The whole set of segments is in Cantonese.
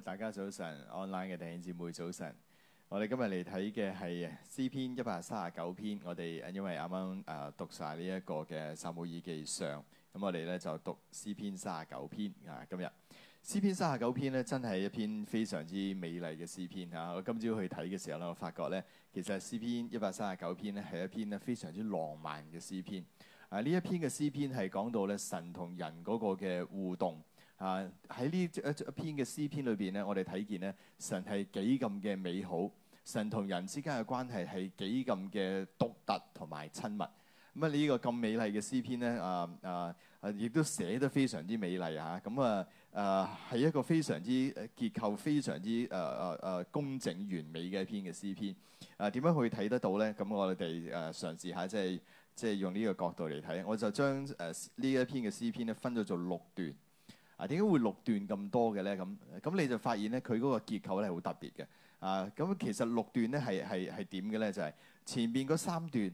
大家早晨，online 嘅弟兄姊妹早晨。我哋今日嚟睇嘅係詩篇一百三十九篇。我哋因為啱啱啊讀晒呢一個嘅撒母耳記上，咁我哋咧就讀詩篇三十九篇啊。今日詩篇三十九篇咧，真係一篇非常之美麗嘅詩篇吓，啊。我今朝去睇嘅時候咧，我發覺咧，其實詩篇一百三十九篇咧係一篇咧非常之浪漫嘅詩篇啊！呢一篇嘅詩篇係講到咧神同人嗰個嘅互動。啊！喺呢一一篇嘅詩篇裏邊咧，我哋睇見咧神係幾咁嘅美好，神同人之間嘅關係係幾咁嘅獨特同埋親密。咁啊，呢個咁美麗嘅詩篇咧，啊啊啊，亦都寫得非常之美麗啊！咁啊，啊係一個非常之結構非常之誒誒誒工整完美嘅一篇嘅詩篇。啊，點樣可以睇得到咧？咁我哋誒嘗試下，即係即係用呢個角度嚟睇，我就將誒呢一篇嘅詩篇咧分咗做六段。啊，點解會六段咁多嘅咧？咁咁你就發現咧，佢嗰個結構咧係好特別嘅。啊，咁其實六段咧係係係點嘅咧？就係、係、前面嗰三段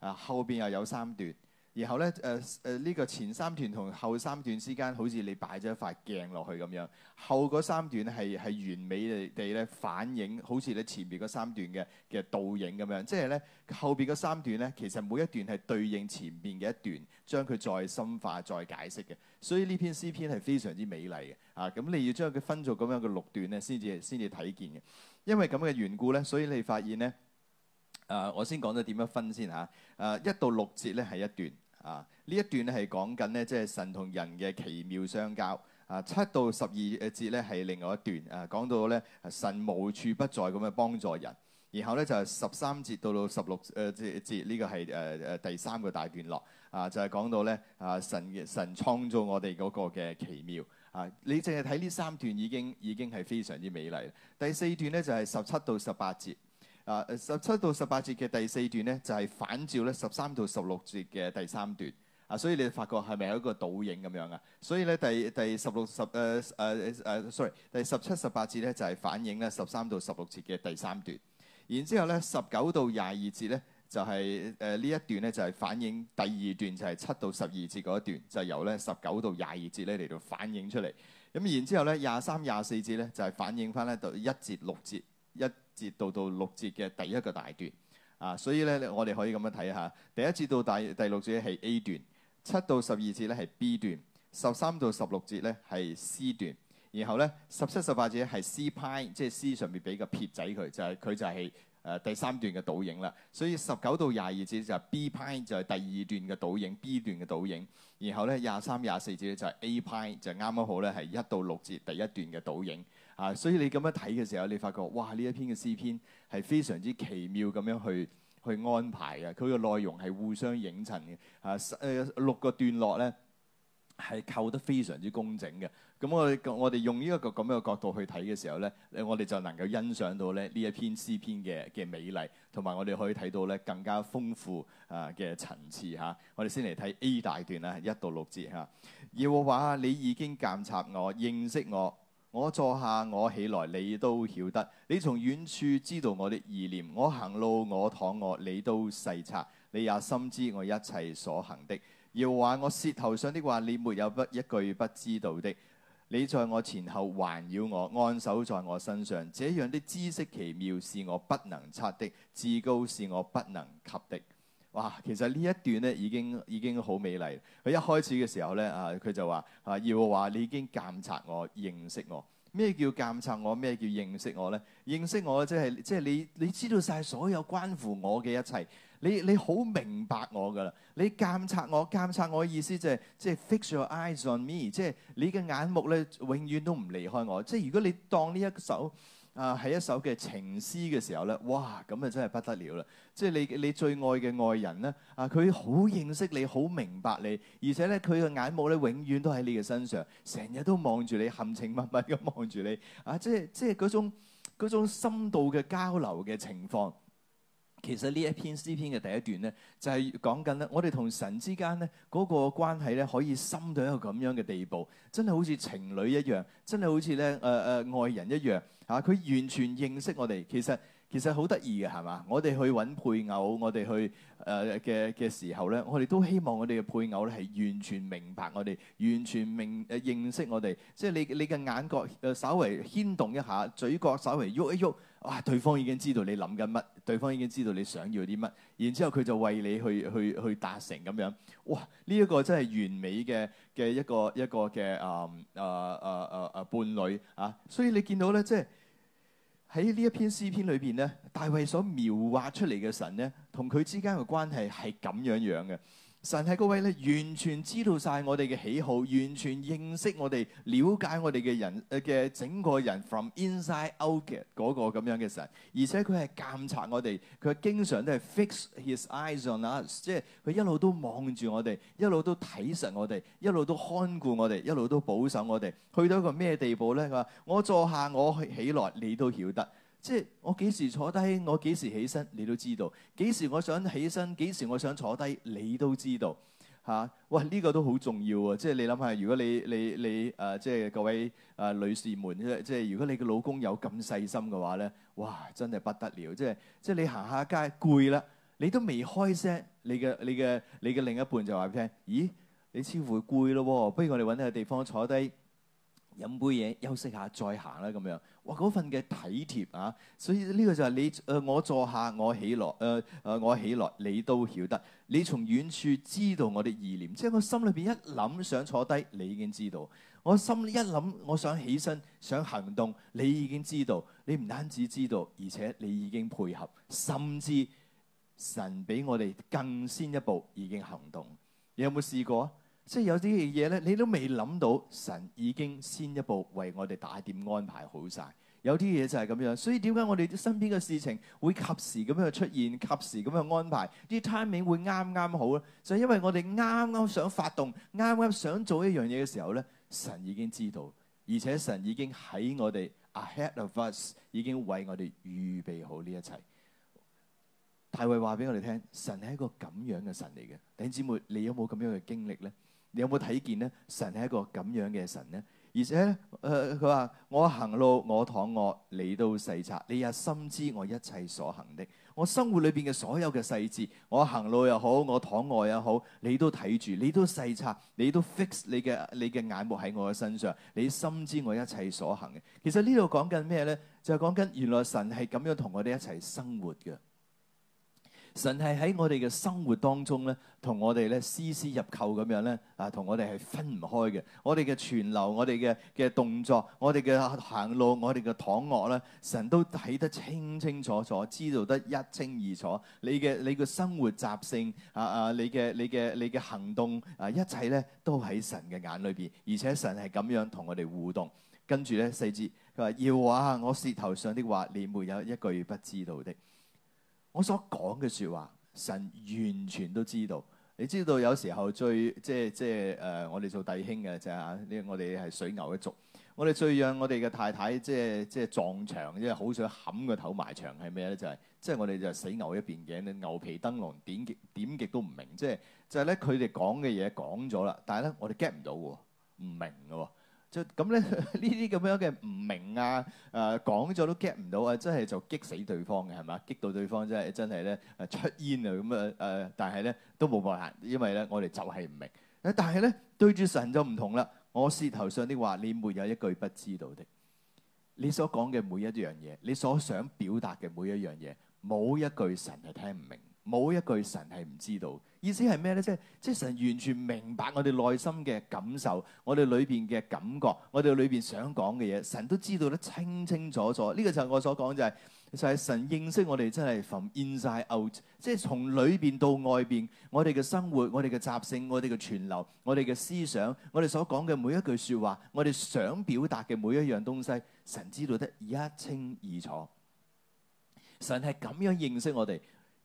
啊，後邊又有三段，然後咧誒誒呢、啊這個前三段同後三段之間，好似你擺咗一塊鏡落去咁樣。後嗰三段係係完美地咧反映，好似你前面嗰三段嘅嘅倒影咁樣。即係咧後邊嗰三段咧，其實每一段係對應前面嘅一段，將佢再深化、再解釋嘅。所以呢篇詩篇係非常之美麗嘅，啊，咁你要將佢分做咁樣嘅六段咧，先至先至睇見嘅。因為咁嘅緣故咧，所以你發現咧，誒、呃，我先講咗點樣分先嚇，誒、啊，一到六節咧係一段，啊，呢一段咧係講緊咧即係神同人嘅奇妙相交，啊，七到十二誒節咧係另外一段，誒、啊，講到咧神無處不在咁樣幫助人，然後咧就係、是、十三節到到十六誒節節呢個係誒誒第三個大段落。啊，就係、是、講到咧，啊，神嘅神創造我哋嗰個嘅奇妙，啊，你淨係睇呢三段已經已經係非常之美麗。第四段咧就係十七到十八節，啊十七、啊、到十八節嘅第四段咧就係、是、反照咧十三到十六節嘅第三段，啊，所以你哋發覺係咪有一個倒影咁樣啊？所以咧第第 16, 十六十誒誒誒，sorry，第十七十八節咧就係、是、反映咧十三到十六節嘅第三段，然之後咧十九到廿二節咧。就係誒呢一段咧，就係反映第二段，就係七到十二節嗰一段，就由咧十九到廿二節咧嚟到反映出嚟。咁然之後咧，廿三廿四節咧就係反映翻咧到一節六節一節到到六節嘅第一個大段啊。所以咧，我哋可以咁樣睇下：第一節到第第六節係 A 段，七到十二節咧係 B 段，十三到十六節咧係 C 段，然後咧十七十八節係 C 派，即係 C 上面俾個撇仔佢，就係佢就係。誒第三段嘅倒影啦，所以十九到廿二節就係 B 派，就係第二段嘅倒影，B 段嘅倒影。然後咧廿三、廿四節咧就係 A 派，就啱啱好咧係一到六節第一段嘅倒影。啊，所以你咁樣睇嘅時候，你發覺哇，呢一篇嘅詩篇係非常之奇妙咁樣去去安排嘅，佢嘅內容係互相映襯嘅。啊，誒六個段落咧。係扣得非常之工整嘅，咁我我哋用呢一個咁樣嘅角度去睇嘅時候咧，我哋就能夠欣賞到咧呢一篇詩篇嘅嘅美麗，同埋我哋可以睇到咧更加豐富啊嘅層次嚇。我哋先嚟睇 A 大段啊，一到六節嚇。要我話你已經鑒察我、認識我，我坐下我起來你都曉得，你從遠處知道我的意念，我行路我躺臥你都細察，你也深知我一切所行的。要話我舌頭上的話，你沒有不一句不知道的。你在我前後環繞我，按手在我身上，這樣的知識奇妙是我不能測的，至高是我不能及的。哇，其實呢一段咧已經已經好美麗。佢一開始嘅時候咧啊，佢就話啊要話你已經鑒察我，認識我。咩叫鑒察我？咩叫認識我咧？認識我即係即係你你知道晒所有關乎我嘅一切。你你好明白我噶啦，你監察我，監察我嘅意思就係即係 fix your eyes on me，即係你嘅眼目咧永遠都唔離開我。即係如果你當呢一首啊係一首嘅情詩嘅時候咧，哇咁啊真係不得了啦！即係你你最愛嘅愛人咧啊，佢好認識你，好明白你，而且咧佢嘅眼目咧永遠都喺你嘅身上，成日都望住你，含情脈脈咁望住你啊！即係即係嗰種嗰種深度嘅交流嘅情況。其實呢一篇詩篇嘅第一段咧，就係講緊咧，我哋同神之間咧嗰個關係咧，可以深到一個咁樣嘅地步，真係好似情侶一樣，真係好似咧誒誒愛人一樣嚇。佢、啊、完全認識我哋，其實其實好得意嘅係嘛？我哋去揾配偶，我哋去誒嘅嘅時候咧，我哋都希望我哋嘅配偶咧係完全明白我哋，完全明誒、呃、認識我哋。即係你你嘅眼角誒稍微牽動一下，嘴角稍微喐一喐。哇、啊！對方已經知道你諗緊乜，對方已經知道你想要啲乜，然之後佢就為你去去去達成咁樣。哇！呢、這個、一個真係完美嘅嘅一個一個嘅誒誒誒誒誒伴侶啊！所以你見到咧，即係喺呢一篇詩篇裏邊咧，大衛所描畫出嚟嘅神咧，同佢之間嘅關係係咁樣樣嘅。神係嗰位咧，完全知道晒我哋嘅喜好，完全認識我哋、了解我哋嘅人嘅、呃、整個人 from inside out 嘅嗰個咁樣嘅神，而且佢係監察我哋，佢經常都係 fix his eyes on us，即係佢一路都望住我哋，一路都睇實我哋，一路都看顧我哋，一路都保守我哋。去到一個咩地步咧？佢話我坐下，我起來，你都曉得。即係我幾時坐低，我幾時起身，你都知道。幾時我想起身，幾時我想坐低，你都知道。吓、啊，哇，呢、這個都好重要啊！即係你諗下，如果你、你、你誒、呃，即係各位誒、呃、女士們，即係如果你嘅老公有咁細心嘅話咧，哇，真係不得了！即係即係你行下街攰啦，你都未開聲，你嘅你嘅你嘅另一半就話畀佢聽，咦？你似乎攰咯、啊，不如我哋搵一下地方坐低。飲杯嘢，休息下再行啦，咁樣。哇，嗰份嘅體貼啊，所以呢個就係你誒、呃，我坐下，我起來，誒、呃、誒、呃，我起來，你都曉得。你從遠處知道我哋意念，即、就、係、是、我心裏邊一諗想,想坐低，你已經知道。我心一諗我想起身想行動，你已經知道。你唔單止知道，而且你已經配合，甚至神比我哋更先一步已經行動。你有冇試過啊？即係有啲嘢咧，你都未諗到，神已經先一步為我哋打點安排好曬。有啲嘢就係咁樣，所以點解我哋身邊嘅事情會及時咁樣出現，及時咁樣安排？啲 timing 會啱啱好咧，就係因為我哋啱啱想發動，啱啱想做一樣嘢嘅時候咧，神已經知道，而且神已經喺我哋 ahead of us，已經為我哋預備好呢一切。大衛話俾我哋聽，神係一個咁樣嘅神嚟嘅。弟兄姊妹，你有冇咁樣嘅經歷咧？.你有冇睇見呢？神係一個咁樣嘅神呢？而且呢，誒、呃，佢話我行路，我躺臥，你都細察，你也深知我一切所行的。我生活裏邊嘅所有嘅細節，我行路又好，我躺臥又好，你都睇住，你都細察，你都 fix 你嘅你嘅眼目喺我嘅身上，你深知我一切所行嘅。其實呢度講緊咩呢？就係、是、講緊，原來神係咁樣同我哋一齊生活嘅。神係喺我哋嘅生活當中咧，同我哋咧絲絲入扣咁樣咧，啊，同我哋係分唔開嘅。我哋嘅存留，我哋嘅嘅動作，我哋嘅行路，我哋嘅躺臥咧，神都睇得清清楚楚，知道得一清二楚。你嘅你嘅生活習性啊啊，你嘅你嘅你嘅行動啊，一切咧都喺神嘅眼裏邊，而且神係咁樣同我哋互動。跟住咧四節，佢話要啊，我舌頭上的話，你沒有一句不知道的。我所講嘅説話，神完全都知道。你知道有時候最即係即係誒、呃，我哋做弟兄嘅就係啊，呢我哋係水牛一族。我哋最讓我哋嘅太太即係即係撞牆，即係好想冚個頭埋牆係咩咧？就係即係我哋就死牛一邊頸嘅，牛皮燈籠點極點極都唔明。即係就係咧，佢哋講嘅嘢講咗啦，但係咧我哋 get 唔到嘅，唔明嘅。即咁咧，呢啲咁樣嘅唔明啊，誒講咗都 get 唔到啊，真係就激死對方嘅係咪？激到對方真係真係咧出煙啊！咁啊誒，但係咧都冇辦法，因為咧我哋就係唔明。但係咧對住神就唔同啦，我舌頭上的話，你沒有一句不知道的。你所講嘅每一樣嘢，你所想表達嘅每一樣嘢，冇一句神係聽唔明。冇一句神係唔知道，意思係咩咧？即係即係神完全明白我哋內心嘅感受，我哋裏邊嘅感覺，我哋裏邊想講嘅嘢，神都知道得清清楚楚。呢個就係我所講就係就係神認識我哋真係 from inside out，即係從裏邊到外邊，我哋嘅生活，我哋嘅習性，我哋嘅存留，我哋嘅思想，我哋所講嘅每一句說話，我哋想表達嘅每一樣東西，神知道得一清二楚。神係咁樣認識我哋。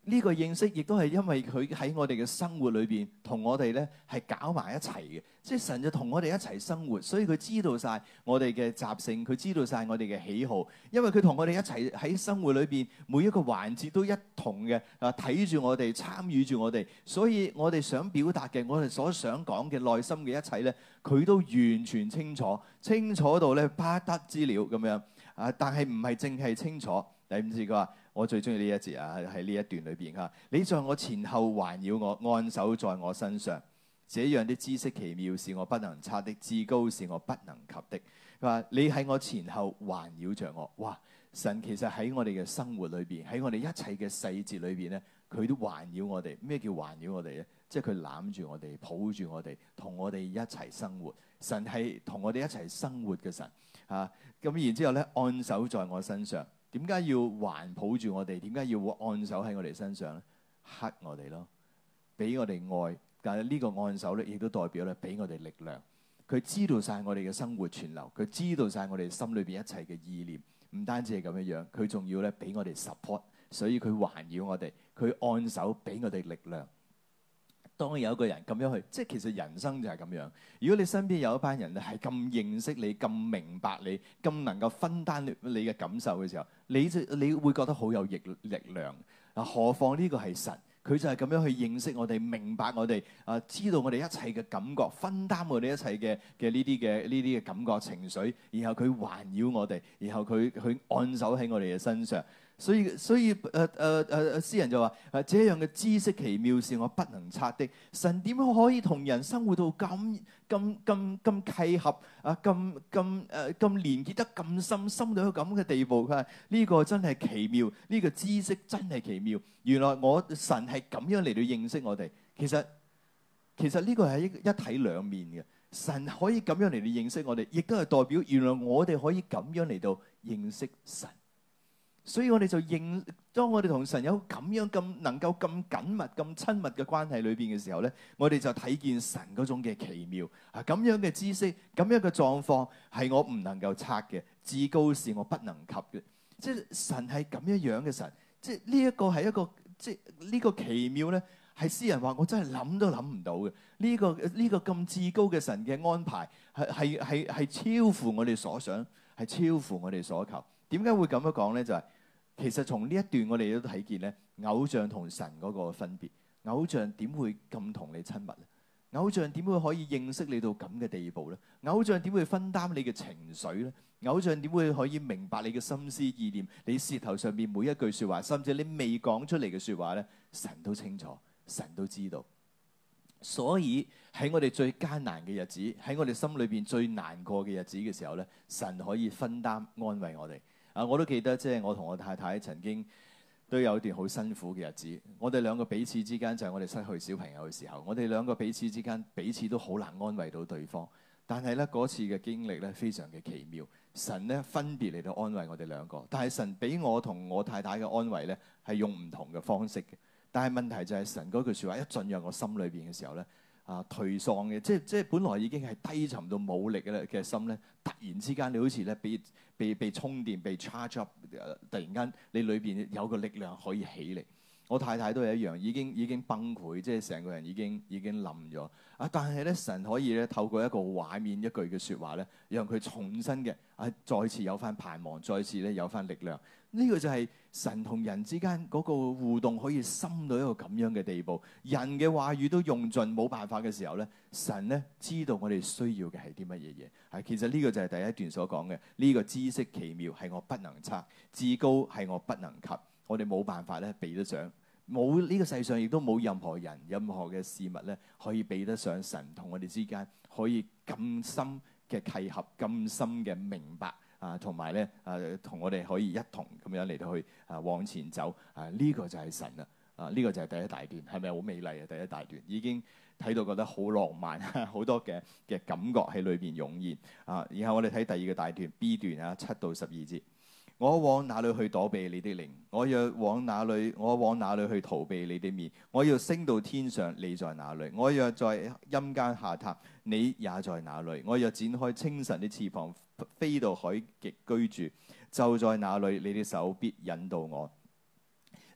呢個認識亦都係因為佢喺我哋嘅生活裏邊，同我哋咧係搞埋一齊嘅。即係神就同我哋一齊生活，所以佢知道晒我哋嘅習性，佢知道晒我哋嘅喜好。因為佢同我哋一齊喺生活裏邊每一個環節都一同嘅啊，睇住我哋，參與住我哋。所以我哋想表達嘅，我哋所想講嘅內心嘅一切咧，佢都完全清楚，清楚到咧不得之了咁樣啊！但係唔係淨係清楚，你唔知佢話。我最中意呢一節啊，喺呢一段裏邊吓，你在我前後環繞我，按手在我身上，這樣的知識奇妙是我不能測的，至高是我不能及的。佢話你喺我前後環繞着我，哇！神其實喺我哋嘅生活裏邊，喺我哋一切嘅細節裏邊咧，佢都環繞我哋。咩叫環繞我哋咧？即係佢攬住我哋，抱住我哋，同我哋一齊生活。神係同我哋一齊生活嘅神啊！咁然之後咧，按手在我身上。點解要環抱住我哋？點解要按手喺我哋身上咧？刻我哋咯，俾我哋愛。但係呢個按手咧，亦都代表咧，俾我哋力量。佢知道晒我哋嘅生活存留，佢知道晒我哋心裏邊一切嘅意念。唔單止係咁樣樣，佢仲要咧俾我哋 support。所以佢環繞我哋，佢按手俾我哋力量。當有一個人咁樣去，即係其實人生就係咁樣。如果你身邊有一班人係咁認識你、咁明白你、咁能夠分擔你嘅感受嘅時候，你就你會覺得好有力力量。嗱，何況呢個係神，佢就係咁樣去認識我哋、明白我哋、啊知道我哋一切嘅感覺、分擔我哋一切嘅嘅呢啲嘅呢啲嘅感覺情緒，然後佢環繞我哋，然後佢佢按手喺我哋嘅身上。所以所以誒誒誒誒，詩人就話：誒、呃，這樣嘅知識奇妙，是我不能測的。神點樣可以同人生活到咁咁咁咁契合？啊，咁咁誒，咁連結得咁深，深到一個咁嘅地步。佢話呢個真係奇妙，呢、呢個知識真係奇妙。原來我神係咁樣嚟到認識我哋。其實其實呢個係一一體兩面嘅。神可以咁樣嚟到認識我哋，亦都係代表原來我哋可以咁樣嚟到認識神。所以我哋就認，當我哋同神有咁樣咁能夠咁緊密咁親密嘅關係裏邊嘅時候咧，我哋就睇見神嗰種嘅奇妙啊！咁樣嘅知識，咁樣嘅狀況，係我唔能夠測嘅，至高是我不能，我不能及嘅。即係神係咁樣樣嘅神，即係呢一個係一個，即係呢個奇妙咧，係詩人話我真係諗都諗唔到嘅。呢個呢個咁至高嘅神嘅安排，係係係係超乎我哋所想，係超乎我哋所求。點解會咁樣講呢？就係其實從呢一段我哋都睇見咧，偶像同神嗰個分別。偶像點會咁同你親密咧？偶像點會可以認識你到咁嘅地步咧？偶像點會分擔你嘅情緒咧？偶像點會可以明白你嘅心思意念？你舌頭上面每一句說話，甚至你未講出嚟嘅說話咧，神都清楚，神都知道。所以喺我哋最艱難嘅日子，喺我哋心裏邊最難過嘅日子嘅時候咧，神可以分擔安慰我哋。啊！我都記得，即係我同我太太曾經都有一段好辛苦嘅日子。我哋兩個彼此之間，就係我哋失去小朋友嘅時候，我哋兩個彼此之間彼此都好難安慰到對方。但係咧，嗰次嘅經歷咧，非常嘅奇妙。神咧，分別嚟到安慰我哋兩個。但係神俾我同我太太嘅安慰咧，係用唔同嘅方式嘅。但係問題就係，神嗰句説話一進入我心裏邊嘅時候咧。啊，頹喪嘅，即係即係本來已經係低沉到冇力嘅咧嘅心咧，突然之間你好似咧被被被，被充電，被 charge up，突然間你裏邊有個力量可以起嚟。我太太都係一樣，已經已經崩潰，即係成個人已經已經冧咗。啊，但係咧神可以咧透過一個畫面一句嘅説話咧，讓佢重新嘅啊，再次有翻盼望，再次咧有翻力量。呢個就係神同人之間嗰個互動可以深到一個咁樣嘅地步，人嘅話語都用盡冇辦法嘅時候咧，神咧知道我哋需要嘅係啲乜嘢嘢。其實呢個就係第一段所講嘅，呢個知識奇妙係我不能測，至高係我不能及，我哋冇辦法咧比得上，冇呢個世上亦都冇任何人、任何嘅事物咧可以比得上神同我哋之間可以咁深嘅契合、咁深嘅明白。啊，同埋咧，誒，同我哋可以一同咁樣嚟到去啊，往前走啊，呢個就係神啊，啊，呢、這個就係、啊這個、第一大段，係咪好美麗啊？第一大段已經睇到覺得好浪漫，好多嘅嘅感覺喺裏邊湧現啊！然後我哋睇第二個大段 B 段啊，七到十二節，我往哪裏去躲避你的靈？我要往哪裏，我往哪裏去逃避你的面？我要升到天上，你在哪裏？我要在陰間下榻。你也在那裏，我若展開清晨的翅膀，飛到海極居住，就在那裏，你的手必引導我，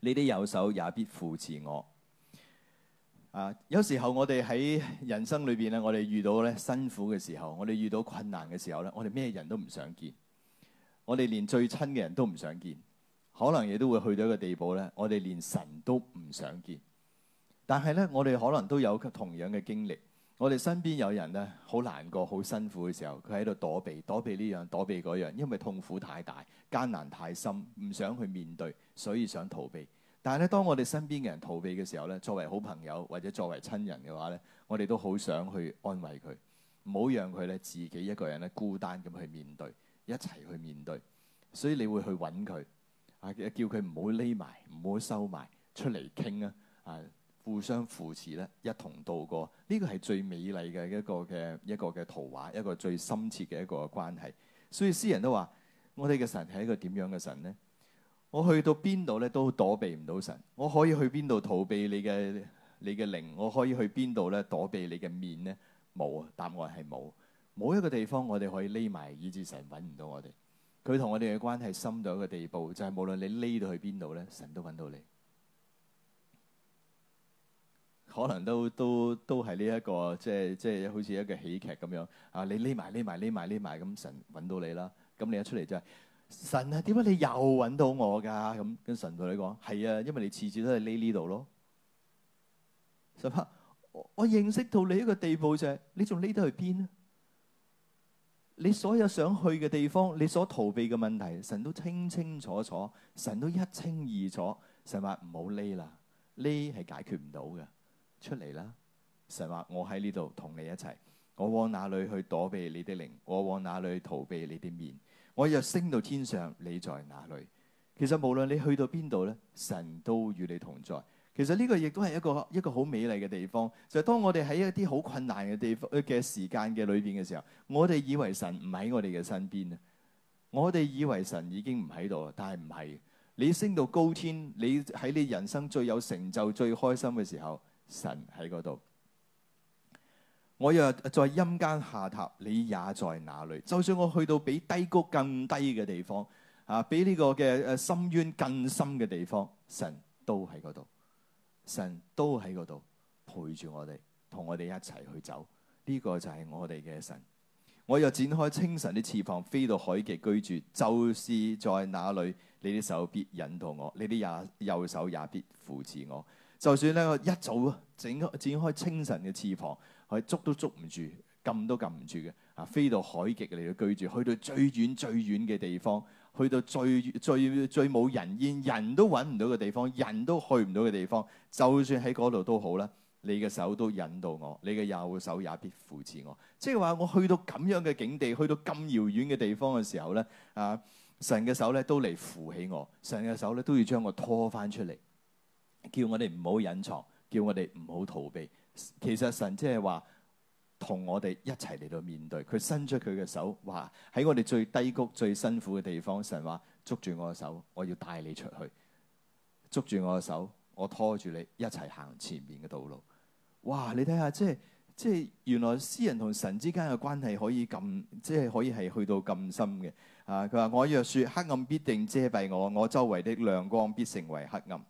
你的右手也必扶持我。啊，有時候我哋喺人生裏邊咧，我哋遇到咧辛苦嘅時候，我哋遇到困難嘅時候咧，我哋咩人都唔想見，我哋連最親嘅人都唔想見，可能亦都會去到一個地步咧，我哋連神都唔想見。但係咧，我哋可能都有同樣嘅經歷。我哋身邊有人咧，好難過、好辛苦嘅時候，佢喺度躲避、躲避呢樣、躲避嗰樣，因為痛苦太大、艱難太深，唔想去面對，所以想逃避。但係咧，當我哋身邊嘅人逃避嘅時候咧，作為好朋友或者作為親人嘅話咧，我哋都好想去安慰佢，唔好讓佢咧自己一個人咧孤單咁去面對，一齊去面對。所以你會去揾佢，啊，叫佢唔好匿埋，唔好收埋，出嚟傾啊，啊！互相扶持咧，一同渡過，呢個係最美麗嘅一個嘅一個嘅圖畫，一個最深切嘅一個關係。所以詩人都話：我哋嘅神係一個點樣嘅神呢？我去到邊度咧都躲避唔到神，我可以去邊度逃避你嘅你嘅靈？我可以去邊度咧躲避你嘅面呢？冇，答案係冇，冇一個地方我哋可以匿埋以至神揾唔到我哋。佢同我哋嘅關係深到一個地步，就係無論你匿到去邊度咧，神都揾到你。可能都都都係呢一個，即係即係好似一個喜劇咁樣啊！你匿埋匿埋匿埋匿埋咁，神揾到你啦。咁你一出嚟就係、是、神啊，點解你又揾到我㗎？咁跟神對你講係啊，因為你次次都係匿呢度咯。神話我，我認識到你一個地步就係你仲匿得去邊啊？你所有想去嘅地方，你所逃避嘅問題，神都清清楚楚，神都一清二楚。神話唔好匿啦，匿係解決唔到嘅。出嚟啦！神話我喺呢度同你一齊。我往哪裏去躲避你的靈？我往哪裏逃避你的面？我若升到天上，你在哪裏？其實無論你去到邊度咧，神都與你同在。其實呢個亦都係一個一個好美麗嘅地方。就係當我哋喺一啲好困難嘅地方嘅時間嘅裏邊嘅時候，我哋以為神唔喺我哋嘅身邊啊！我哋以為神已經唔喺度，但係唔係。你升到高天，你喺你人生最有成就、最開心嘅時候。神喺嗰度，我若在陰間下榻，你也在哪裏，就算我去到比低谷更低嘅地方，啊，比呢個嘅誒深淵更深嘅地方，神都喺嗰度，神都喺嗰度陪住我哋，同我哋一齊去走。呢、這個就係我哋嘅神。我若展開清晨的翅膀，飛到海極居住，就是在哪裏，你的手必引導我，你的也右手也必扶持我。就算咧，我一早整展開清晨嘅翅膀，去捉都捉唔住，撳都撳唔住嘅，啊，飛到海極嚟到居住，去到最遠最遠嘅地方，去到最最最冇人煙、人都揾唔到嘅地方、人都去唔到嘅地方，就算喺嗰度都好啦，你嘅手都引導我，你嘅右手也必扶持我，即係話我去到咁樣嘅境地，去到咁遙遠嘅地方嘅時候咧，啊，神嘅手咧都嚟扶起我，神嘅手咧都要將我拖翻出嚟。叫我哋唔好隱藏，叫我哋唔好逃避。其實神即係話同我哋一齊嚟，到面對。佢伸出佢嘅手，話喺我哋最低谷、最辛苦嘅地方，神話捉住我嘅手，我要帶你出去。捉住我嘅手，我拖住你一齊行前面嘅道路。哇！你睇下，即係即係，原來詩人同神之間嘅關係可以咁，即係可以係去到咁深嘅啊。佢話，我若說黑暗必定遮蔽我，我周圍的亮光必成為黑暗。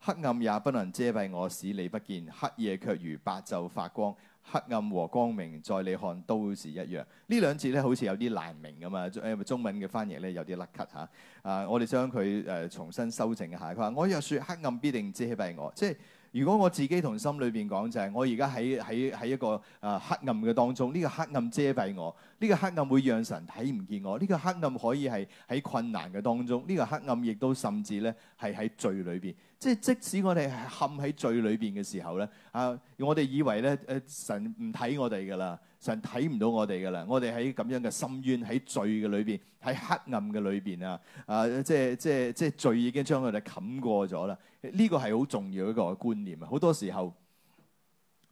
黑暗也不能遮蔽我，使你不見。黑夜卻如白晝發光。黑暗和光明，在你看都是一樣。呢兩節咧好似有啲難明咁啊，誒，中文嘅翻譯咧有啲甩咳嚇啊！我哋將佢誒重新修正下。佢話：我若説黑暗必定遮蔽我，即係如果我自己同心裏邊講就係、是、我而家喺喺喺一個誒黑暗嘅當中，呢、這個黑暗遮蔽我，呢、這個黑暗會讓神睇唔見我，呢、這個黑暗可以係喺困難嘅當中，呢、這個黑暗亦都甚至咧係喺罪裏邊。即係即使我哋係陷喺罪裏邊嘅時候咧，啊，我哋以為咧，誒神唔睇我哋噶啦，神睇唔到我哋噶啦，我哋喺咁樣嘅深淵，喺罪嘅裏邊，喺黑暗嘅裏邊啊，啊，即係即係即係罪已經將佢哋冚過咗啦。呢、這個係好重要一個觀念啊！好多時候，時候，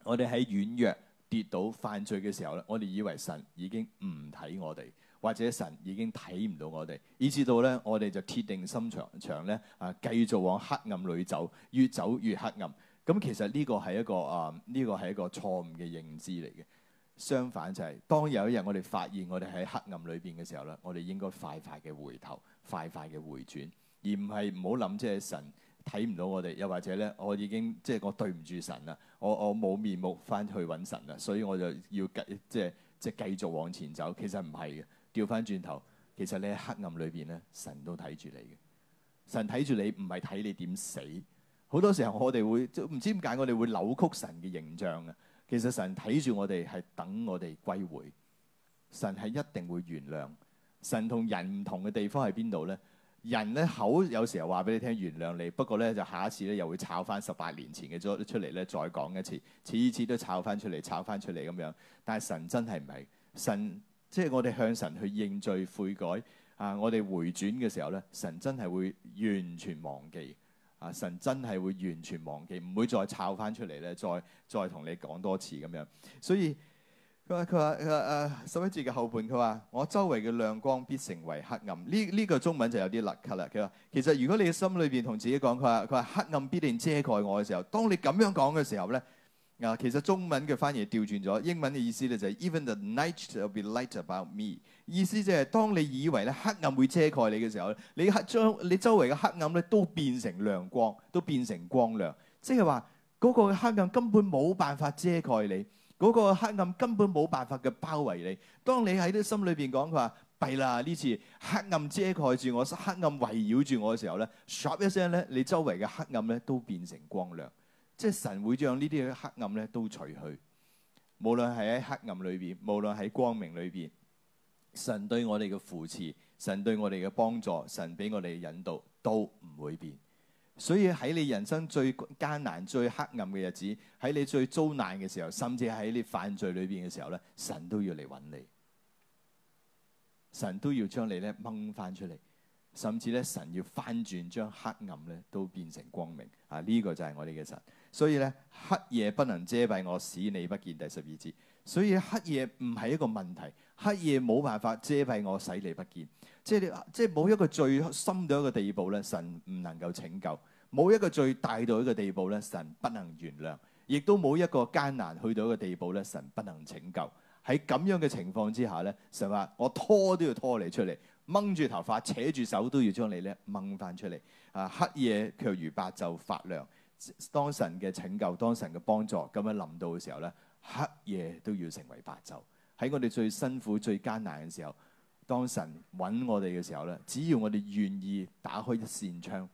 我哋喺軟弱、跌倒、犯罪嘅時候咧，我哋以為神已經唔睇我哋。或者神已經睇唔到我哋，以至到咧我哋就鐵定心腸長咧啊，繼、呃、續往黑暗裏走，越走越黑暗。咁、嗯、其實呢個係一個啊，呢、呃呢個係一個錯誤嘅認知嚟嘅。相反就係、是，當有一日我哋發現我哋喺黑暗裏邊嘅時候咧，我哋應該快快嘅回頭，快快嘅回轉，而唔係唔好諗即係神睇唔到我哋，又或者咧，我已經即係我對唔住神啦，我我冇面目翻去揾神啦，所以我就要繼即係即係繼續往前走。其實唔係嘅。掉翻轉頭，其實你喺黑暗裏邊咧，神都睇住你嘅。神睇住你，唔係睇你點死。好多時候我哋會唔知點解，我哋會扭曲神嘅形象嘅。其實神睇住我哋係等我哋歸回。神係一定會原諒。神同人唔同嘅地方喺邊度咧？人咧口有時候話俾你聽原諒你，不過咧就下一次咧又會炒翻十八年前嘅咗出嚟咧，再講一次，次次都炒翻出嚟，炒翻出嚟咁樣。但係神真係唔係神。即係我哋向神去認罪悔改啊！我哋回轉嘅時候咧，神真係會完全忘記啊！神真係會完全忘記，唔會再抄翻出嚟咧，再再同你講多次咁樣。所以佢話佢話誒誒，十一字嘅後半，佢話我周圍嘅亮光必成為黑暗。呢呢個中文就有啲甩咳啦。佢話其實如果你嘅心裏邊同自己講，佢話佢話黑暗必定遮蓋我嘅時候，當你咁樣講嘅時候咧。啊，其實中文嘅翻譯調轉咗，英文嘅意思咧就係 Even the night will be light about me。意思即係當你以為咧黑暗會遮蓋你嘅時候，你將你周圍嘅黑暗咧都變成亮光，都變成光亮。即係話嗰個黑暗根本冇辦法遮蓋你，嗰個黑暗根本冇辦法嘅包圍你。當你喺啲心裏邊講佢話，弊啦，呢次黑暗遮蓋住我，黑暗圍繞住我嘅時候咧，唰一聲咧，你周圍嘅黑暗咧都變成光亮。即係神會將呢啲黑暗咧都除去，無論係喺黑暗裏邊，無論喺光明裏邊，神對我哋嘅扶持，神對我哋嘅幫助，神俾我哋嘅引導都唔會變。所以喺你人生最艱難、最黑暗嘅日子，喺你最遭難嘅時候，甚至喺你犯罪裏邊嘅時候咧，神都要嚟揾你，神都要將你咧掹翻出嚟，甚至咧神要翻轉將黑暗咧都變成光明。啊，呢個就係我哋嘅神。所以咧，黑夜不能遮蔽我，使你不見。第十二節，所以黑夜唔係一個問題，黑夜冇辦法遮蔽我，使你不見。即係你，即係冇一個最深到一個地步咧，神唔能夠拯救；冇一個最大到一個地步咧，神不能原諒；亦都冇一個艱難去到一個地步咧，神不能拯救。喺咁樣嘅情況之下咧，神話我拖都要拖你出嚟，掹住頭髮，扯住手都要將你咧掹翻出嚟。啊，黑夜卻如白晝發亮。當神嘅拯救，當神嘅幫助，咁樣臨到嘅時候咧，黑夜都要成為白晝。喺我哋最辛苦、最艱難嘅時候，當神揾我哋嘅時候咧，只要我哋願意打開一扇窗，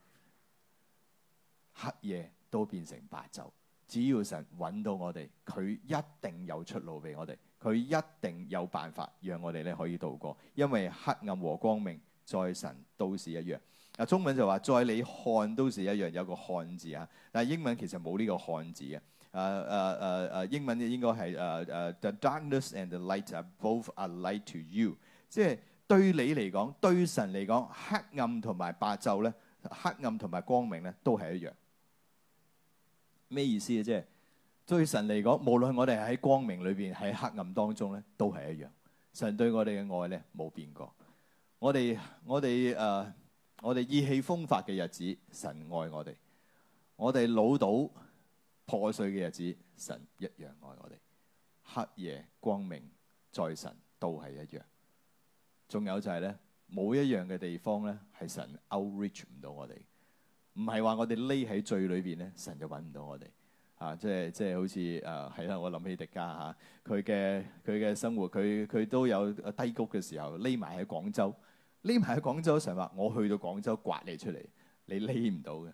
黑夜都變成白晝。只要神揾到我哋，佢一定有出路俾我哋，佢一定有辦法讓我哋咧可以度過。因為黑暗和光明，在神都是一樣。啊，中文就話在你看都是一樣，有個看字啊。但係英文其實冇呢個看字嘅。誒誒誒誒，英文應該係誒誒。Uh, uh, the darkness and the light are both alike to you，即係、就是、對你嚟講，對神嚟講，黑暗同埋白晝咧，黑暗同埋光明咧，都係一樣咩意思啊？即係對神嚟講，無論我哋喺光明裏邊，喺黑暗當中咧，都係一樣。神對我哋嘅愛咧冇變過。我哋我哋誒。Uh, 我哋意氣風發嘅日子，神愛我哋；我哋老到破碎嘅日子，神一樣愛我哋。黑夜光明，在神都係一樣。仲有就係、是、咧，冇一樣嘅地方咧，係神 outreach 唔到我哋。唔係話我哋匿喺罪裏邊咧，神就搵唔到我哋。啊，即係即係好似誒，係、啊、啦、啊，我諗起迪迦吓，佢嘅佢嘅生活，佢佢都有低谷嘅時候，匿埋喺廣州。匿埋喺廣州，神話我去到廣州刮你出嚟，你匿唔到嘅，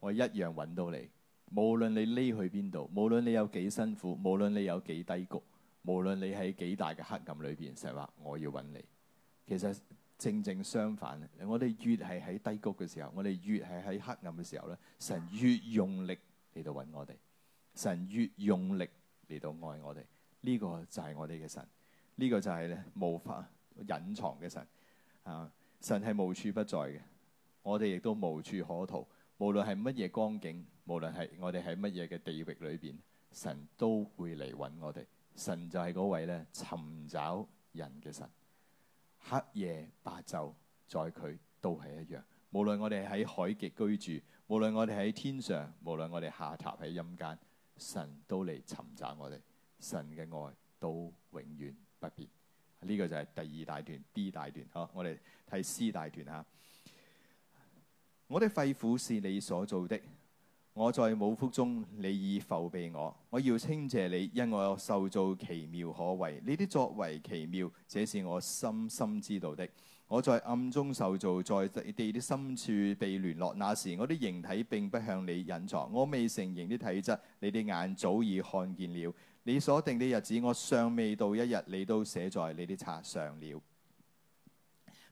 我一樣揾到你。無論你匿去邊度，無論你有幾辛苦，無論你有幾低谷，無論你喺幾大嘅黑暗裏邊，神話我要揾你。其實正正相反，我哋越係喺低谷嘅時候，我哋越係喺黑暗嘅時候咧，神越用力嚟到揾我哋，神越用力嚟到愛我哋。呢個就係我哋嘅神，呢個就係咧無法隱藏嘅神。啊，神係無處不在嘅，我哋亦都無處可逃。無論係乜嘢光景，無論係我哋喺乜嘢嘅地域裏邊，神都會嚟揾我哋。神就係嗰位咧，尋找人嘅神。黑夜白晝，在佢都係一樣。無論我哋喺海極居住，無論我哋喺天上，無論我哋下榻喺陰間，神都嚟尋找我哋。神嘅愛都永遠不變。呢個就係第二大段 B 大段呵，我哋睇 C 大段啊！我的肺腑是你所造的，我在母腹中，你已覆庇我。我要稱謝你，因我受造奇妙可畏，你的作為奇妙，這是我深深知道的。我在暗中受造，在地的深處被聯絡。那時我的形體並不向你隱藏，我未成形的體質，你的眼早已看見了。你所定的日子，我尚未到一日，你都寫在你的冊上了。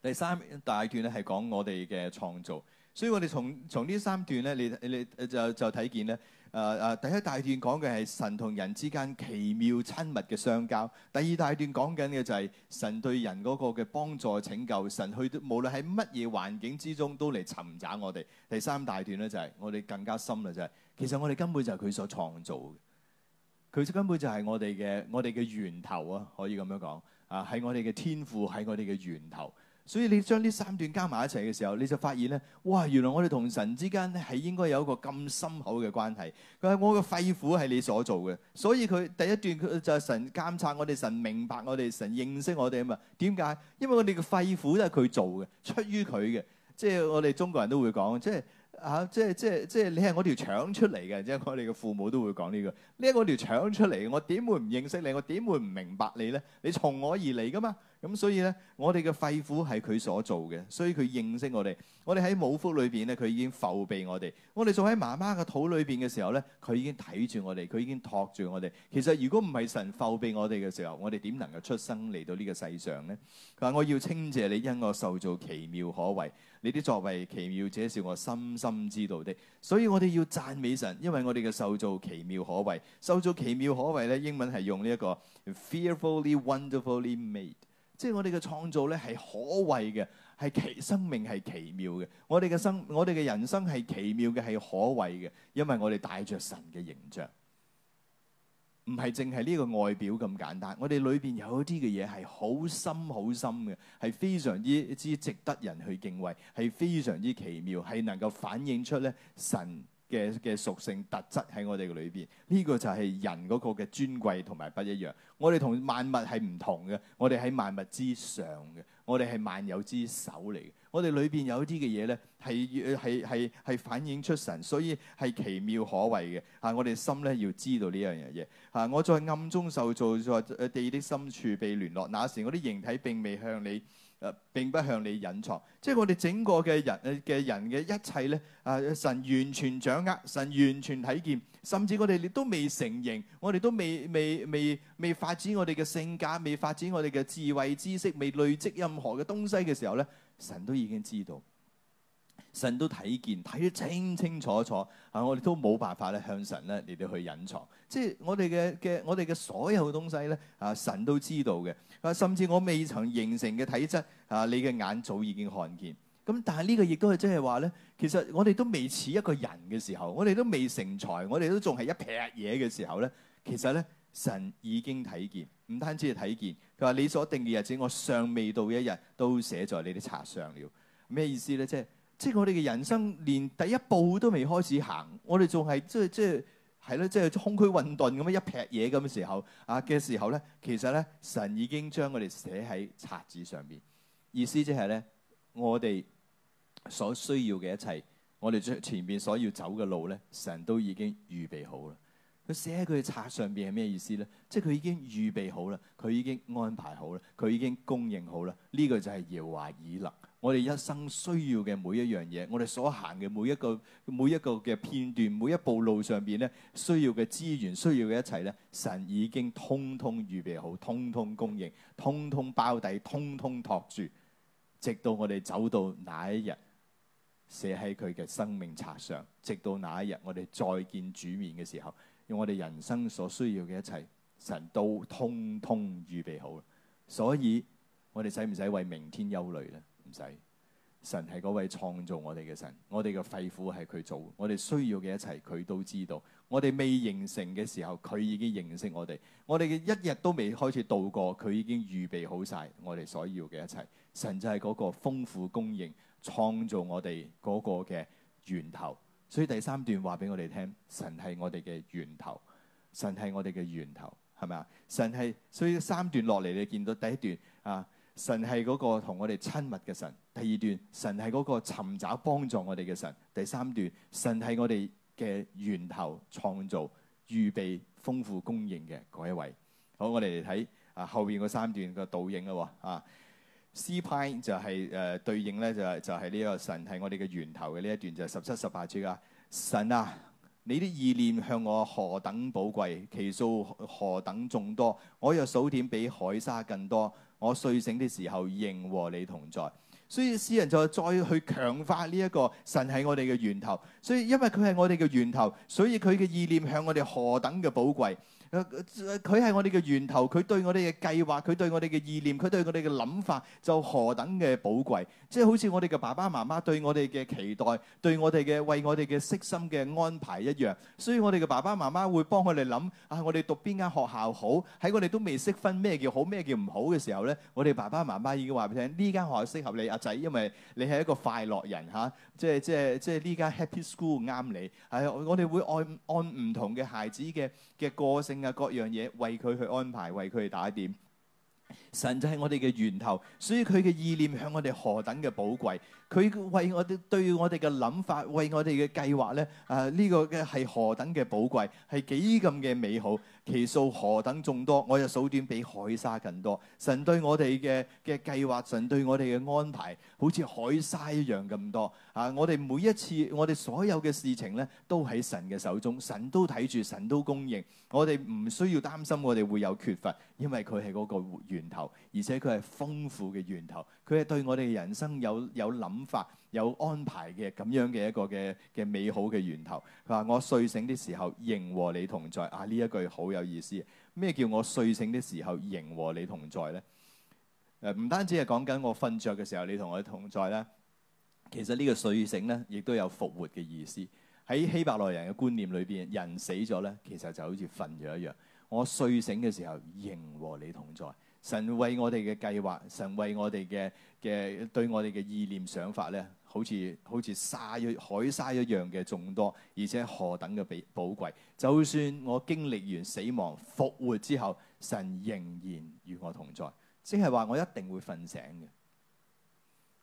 第三大段咧係講我哋嘅創造，所以我哋從從呢三段咧，你你就就睇見咧，誒、呃、誒第一大段講嘅係神同人之間奇妙親密嘅相交，第二大段講緊嘅就係神對人嗰個嘅幫助拯救，神去無論喺乜嘢環境之中都嚟尋找我哋。第三大段咧就係、是、我哋更加深啦、就是，就係其實我哋根本就係佢所創造嘅。佢根本就係我哋嘅我哋嘅源頭啊，可以咁樣講啊，係我哋嘅天賦，係我哋嘅源頭。所以你將呢三段加埋一齊嘅時候，你就發現咧，哇！原來我哋同神之間咧係應該有一個咁深厚嘅關係。佢係我嘅肺腑係你所做嘅，所以佢第一段佢就神監察我哋，神明白我哋，神認識我哋啊嘛。點解？因為我哋嘅肺腑都係佢做嘅，出於佢嘅。即係我哋中國人都會講，即係。嚇、啊！即係即係即係，你係我條腸出嚟嘅，即係我哋嘅父母都會講呢個。呢個我條腸出嚟，我點會唔認識你？我點會唔明白你咧？你從我而嚟噶嘛？咁所以咧，我哋嘅肺腑係佢所做嘅，所以佢認識我哋。我哋喺母腹裏邊咧，佢已經覆庇我哋。我哋仲喺媽媽嘅肚裏邊嘅時候咧，佢已經睇住我哋，佢已經托住我哋。其實如果唔係神覆庇我哋嘅時候，我哋點能夠出生嚟到呢個世上咧？佢話，我要稱謝你，因我受造奇妙可畏，你啲作為奇妙者是我深深知道的。所以我哋要讚美神，因為我哋嘅受造奇妙可畏。受造奇妙可畏咧，英文係用呢、呢、一個 fearfully wonderfully made。即係我哋嘅創造咧，係可畏嘅，係奇生命係奇妙嘅。我哋嘅生，我哋嘅人生係奇妙嘅，係可畏嘅。因為我哋帶着神嘅形象，唔係淨係呢個外表咁簡單。我哋裏邊有一啲嘅嘢係好深好深嘅，係非常之之值得人去敬畏，係非常之奇妙，係能夠反映出咧神。嘅嘅屬性特質喺我哋嘅裏邊，呢、這個就係人嗰個嘅尊貴同埋不一樣。我哋同萬物係唔同嘅，我哋喺萬物之上嘅，我哋係萬有之首嚟嘅。我哋裏邊有啲嘅嘢咧，係係係係反映出神，所以係奇妙可畏嘅。嚇，我哋心咧要知道呢樣嘢嘢。嚇，我在暗中受造，在地的深處被聯絡。那時我啲形體並未向你。誒、呃，並不向你隱藏，即係我哋整個嘅人嘅、呃、人嘅一切咧。啊、呃，神完全掌握，神完全睇見，甚至我哋亦都未成形，我哋都未未未未發展我哋嘅性格，未發展我哋嘅智慧知識，未累積任何嘅東西嘅時候咧，神都已經知道。神都睇見，睇得清清楚楚啊！我哋都冇辦法咧，向神咧你哋去隱藏，即係我哋嘅嘅我哋嘅所有東西咧啊！神都知道嘅啊，甚至我未曾形成嘅體質啊，你嘅眼早已經看見咁、啊。但係呢個亦都係即係話咧，其實我哋都未似一個人嘅時候，我哋都未成才，我哋都仲係一劈嘢嘅時候咧，其實咧神已經睇見，唔單止係睇見佢話你所定嘅日子，我尚未到嘅一日都寫在你啲冊上了咩意思咧？即係。即係我哋嘅人生，連第一步都未開始行，我哋仲係即係即係係咯，即係空虛混沌咁樣一撇嘢咁嘅時候啊嘅時候咧，其實咧神已經將我哋寫喺冊子上邊，意思即係咧我哋所需要嘅一切，我哋前面所要走嘅路咧，神都已經預備好啦。佢寫喺佢嘅冊上邊係咩意思咧？即係佢已經預備好啦，佢已經安排好啦，佢已經供應好啦。呢個就係耶和華以勒。我哋一生需要嘅每一樣嘢，我哋所行嘅每一個每一個嘅片段，每一步路上邊咧需要嘅資源，需要嘅一切咧，神已經通通預備好，通通供應，通通包底，通通托住，直到我哋走到那一日，寫喺佢嘅生命冊上。直到那一日，我哋再見主面嘅時候，用我哋人生所需要嘅一切，神都通通預備好。所以我哋使唔使為明天憂慮咧？使神係嗰位創造我哋嘅神，我哋嘅肺腑係佢做，我哋需要嘅一切佢都知道。我哋未形成嘅時候，佢已經認識我哋。我哋嘅一日都未開始度過，佢已經預備好晒我哋所要嘅一切。神就係嗰個豐富供應、創造我哋嗰個嘅源頭。所以第三段話俾我哋聽，神係我哋嘅源頭，神係我哋嘅源頭，係咪啊？神係……所以三段落嚟，你見到第一段啊。神係嗰個同我哋親密嘅神。第二段，神係嗰個尋找幫助我哋嘅神。第三段，神係我哋嘅源頭、創造、預備、豐富供應嘅嗰一位。好，我哋嚟睇啊後邊嗰三段嘅倒影咯。啊，詩篇就係、是、誒、uh, 對應咧，就係、是、就係、是、呢個神係我哋嘅源頭嘅呢一段就，就係十七、十八節啊。神啊，你啲意念向我何等寶貴，其數何等眾多，我若數點，比海沙更多。我睡醒的時候仍和你同在，所以詩人就再去強化呢一個神係我哋嘅源頭。所以因為佢係我哋嘅源頭，所以佢嘅意念向我哋何等嘅寶貴。佢佢係我哋嘅源頭，佢對我哋嘅計劃，佢對我哋嘅意念，佢對我哋嘅諗法，就何等嘅寶貴，即係好似我哋嘅爸爸媽媽對我哋嘅期待，對我哋嘅為我哋嘅悉心嘅安排一樣。所以我哋嘅爸爸媽媽會幫我哋諗啊，我哋讀邊間學校好？喺我哋都未識分咩叫好咩叫唔好嘅時候咧，我哋爸爸媽媽已經話俾你聽呢間學校適合你阿仔，因為你係一個快樂人嚇。即係即係即係呢間 Happy School 啱你，係我哋會按按唔同嘅孩子嘅嘅個性啊，各樣嘢為佢去安排，為佢去打點。神就係我哋嘅源頭，所以佢嘅意念向我哋何等嘅寶貴。佢為我哋對我哋嘅諗法，為我哋嘅計劃咧，啊呢個嘅係何等嘅寶貴，係幾咁嘅美好，其數何等眾多，我又數點比海沙更多。神對我哋嘅嘅計劃，神對我哋嘅安排，好似海沙一樣咁多。啊，我哋每一次，我哋所有嘅事情咧，都喺神嘅手中，神都睇住，神都供應。我哋唔需要擔心我哋會有缺乏，因為佢係嗰個源頭，而且佢係豐富嘅源頭。佢對我哋人生有有諗法、有安排嘅咁樣嘅一個嘅嘅美好嘅源頭。佢話我睡醒的時候仍和你同在。啊，呢一句好有意思。咩叫我睡醒的時候仍和你同在呢？誒，唔單止係講緊我瞓着嘅時候你同我同在呢，其實呢個睡醒呢亦都有復活嘅意思。喺希伯來人嘅觀念裏邊，人死咗呢，其實就好似瞓咗一樣。我睡醒嘅時候仍和你同在。神為我哋嘅計劃，神為我哋嘅嘅對我哋嘅意念想法咧，好似好似沙海沙一樣嘅眾多，而且何等嘅比寶貴。就算我經歷完死亡復活之後，神仍然與我同在，即係話我一定會瞓醒嘅。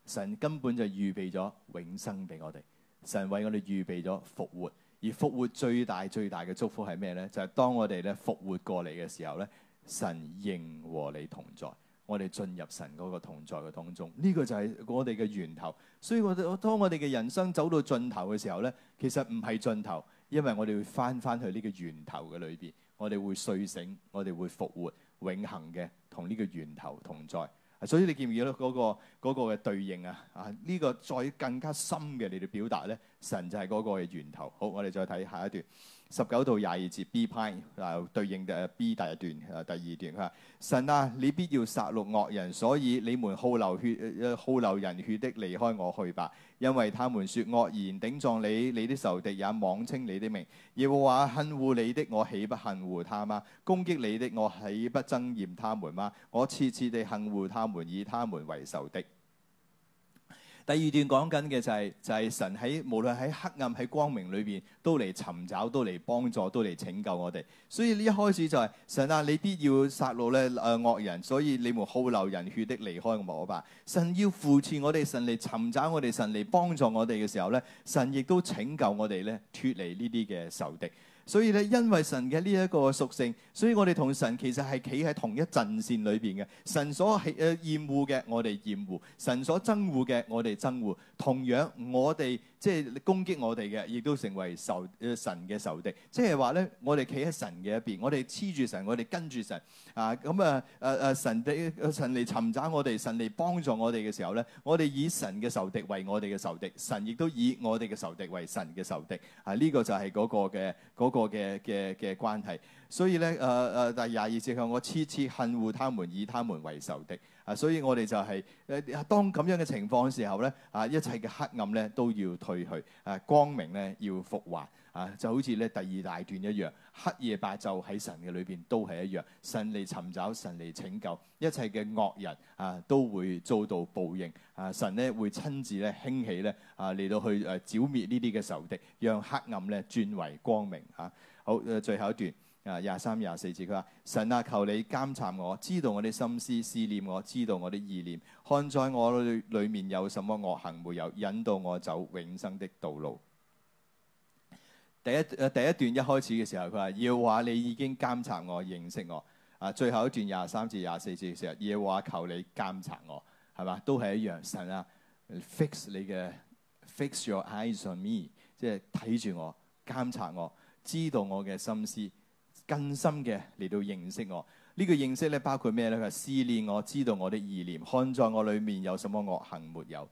神根本就預備咗永生俾我哋，神為我哋預備咗復活，而復活最大最大嘅祝福係咩咧？就係當我哋咧復活過嚟嘅時候咧。神仍和你同在，我哋進入神嗰個同在嘅當中，呢個就係我哋嘅源頭。所以我哋，當我哋嘅人生走到盡頭嘅時候呢，其實唔係盡頭，因為我哋會返返去呢個源頭嘅裏邊，我哋會睡醒，我哋會復活，永恆嘅同呢個源頭同在。所以你見唔見到嗰個嗰個嘅對應啊？啊，呢個再更加深嘅你哋表達呢，神就係嗰個嘅源頭。好，我哋再睇下一段。十九到廿二節 B Prime，對應誒、uh, B 第一段、uh, 第二段。佢神啊，你必要殺戮惡人，所以你們好流血、呃、好流人血的離開我去吧，因為他們說惡言頂撞你，你的仇敵也妄稱你的名，亦話恨惡你的，我豈不恨惡他們嗎？攻擊你的，我豈不憎厭他們嗎？我次次地恨惡他們，以他們為仇敵。第二段講緊嘅就係、是、就係、是、神喺無論喺黑暗喺光明裏邊都嚟尋找，都嚟幫助，都嚟拯救我哋，所以呢一開始就係、是、神啊，你必要殺戮咧誒惡人，所以你們好流人血的離開我吧。神要扶持我哋，神嚟尋找我哋，神嚟幫助我哋嘅時候咧，神亦都拯救我哋咧，脫離呢啲嘅仇敵。所以呢，因為神嘅呢一個屬性，所以我哋同神其實係企喺同一陣線裏面嘅。神所厭誒厭惡嘅，我哋厭惡；神所憎惡嘅，我哋憎惡。同樣，我哋。即係你攻擊我哋嘅，亦都成為仇誒神嘅仇敵。即係話咧，我哋企喺神嘅一邊，我哋黐住神，我哋跟住神。啊，咁啊，誒、啊、誒，神哋神嚟尋找我哋，神嚟幫助我哋嘅時候咧，我哋以神嘅仇敵為我哋嘅仇敵，神亦都以我哋嘅仇敵為神嘅仇敵。啊，呢、這個就係嗰個嘅嗰嘅嘅嘅關係。所以咧，誒、啊、誒、啊，第廿二節向我切切恨惡他們，以他們為仇敵。啊，所以我哋就係、是、誒，當咁樣嘅情況時候咧，啊，一切嘅黑暗咧都要退去，啊，光明咧要復還，啊，就好似咧第二大段一樣，黑夜白晝喺神嘅裏邊都係一樣，神嚟尋找，神嚟拯救，一切嘅惡人啊都會遭到報應，啊，神咧會親自咧興起咧啊嚟到去誒剿滅呢啲嘅仇敵，讓黑暗咧轉為光明，嚇，好誒，最後一段。啊，廿三、廿四節，佢話神啊，求你監察我知道我啲心思思念我知道我啲意念，看在我裏面有什麼惡行沒有，引導我走永生的道路。第一誒，第一段一開始嘅時候，佢話要話你已經監察我，認識我。啊，最後一段廿三至廿四節嘅時候，要話求你監察我，係咪？都係一樣。神啊，fix 你嘅 fix your eyes on me，即係睇住我，監察我，知道我嘅心思。更深嘅嚟到認識我呢、呢個認識咧，包括咩呢？佢試煉我，知道我的意念，看在我裏面有什麼惡行沒有。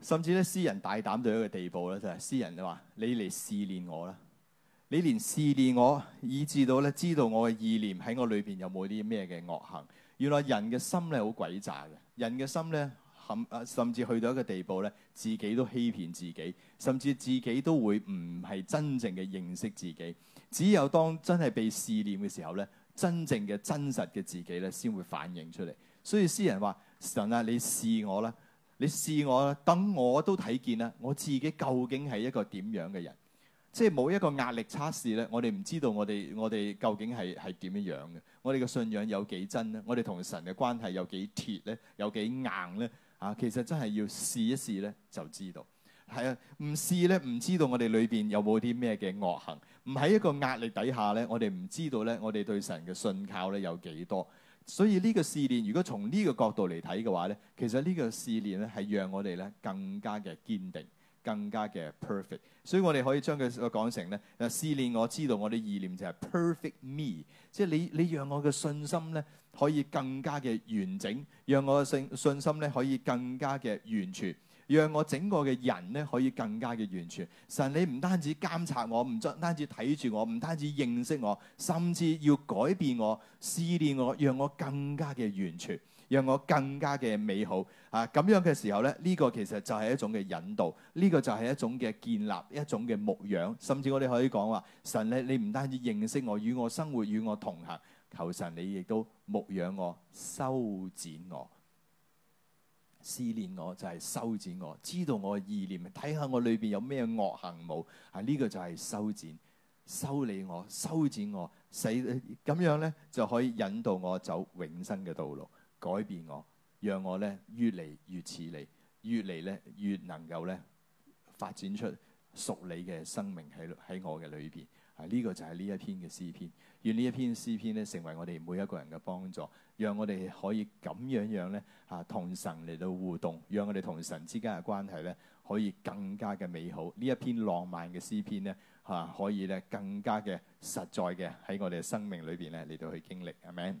甚至咧，詩人大膽到一個地步咧，就係詩人就話，你嚟試煉我啦。你連試煉我，以至到咧知道我嘅意念，喺我裏邊有冇啲咩嘅惡行。原來人嘅心咧好詭詐嘅，人嘅心咧，甚甚至去到一個地步咧，自己都欺騙自己，甚至自己都會唔係真正嘅認識自己。只有當真係被試煉嘅時候咧，真正嘅真實嘅自己咧，先會反映出嚟。所以詩人話：神啊，你試我啦，你試我啦，等我都睇見啦，我自己究竟係一個點樣嘅人？即係冇一個壓力測試咧，我哋唔知道我哋我哋究竟係係點樣樣嘅？我哋嘅信仰有幾真咧？我哋同神嘅關係有幾鐵咧？有幾硬咧？啊，其實真係要試一試咧，就知道。係啊，唔試咧，唔知道我哋裏邊有冇啲咩嘅惡行。唔喺一個壓力底下咧，我哋唔知道咧，我哋對神嘅信靠咧有幾多。所以呢個試煉，如果從呢個角度嚟睇嘅話咧，其實呢個試煉咧係讓我哋咧更加嘅堅定，更加嘅 perfect。所以我哋可以將佢個講成咧，試煉我知道我啲意念就係 perfect me，即係你你讓我嘅信心咧可以更加嘅完整，讓我嘅信信心咧可以更加嘅完全。讓我整個嘅人咧可以更加嘅完全。神，你唔單止監察我，唔單止睇住我，唔單止認識我，甚至要改變我、試煉我，讓我更加嘅完全，讓我更加嘅美好。啊，咁樣嘅時候咧，呢個其實就係一種嘅引導，呢個就係一種嘅建立，一種嘅牧養，甚至我哋可以講話，神咧，你唔單止認識我，與我生活，與我同行，求神你亦都牧養我、修剪我。思念我就係、是、修剪我，知道我嘅意念，睇下我裏邊有咩惡行冇，啊呢、這個就係修剪、修理我、修剪我，使咁樣咧就可以引導我走永生嘅道路，改變我，讓我咧越嚟越似你，越嚟咧越，越，越能夠咧發展出。屬你嘅生命喺喺我嘅裏邊，啊呢個就係呢一篇嘅詩篇。願呢一篇詩篇咧，成為我哋每一個人嘅幫助，讓我哋可以咁樣樣咧，啊同神嚟到互動，讓我哋同神之間嘅關係咧，可以更加嘅美好。呢一篇浪漫嘅詩篇咧，啊可以咧更加嘅實在嘅喺我哋嘅生命裏邊咧嚟到去經歷，阿們。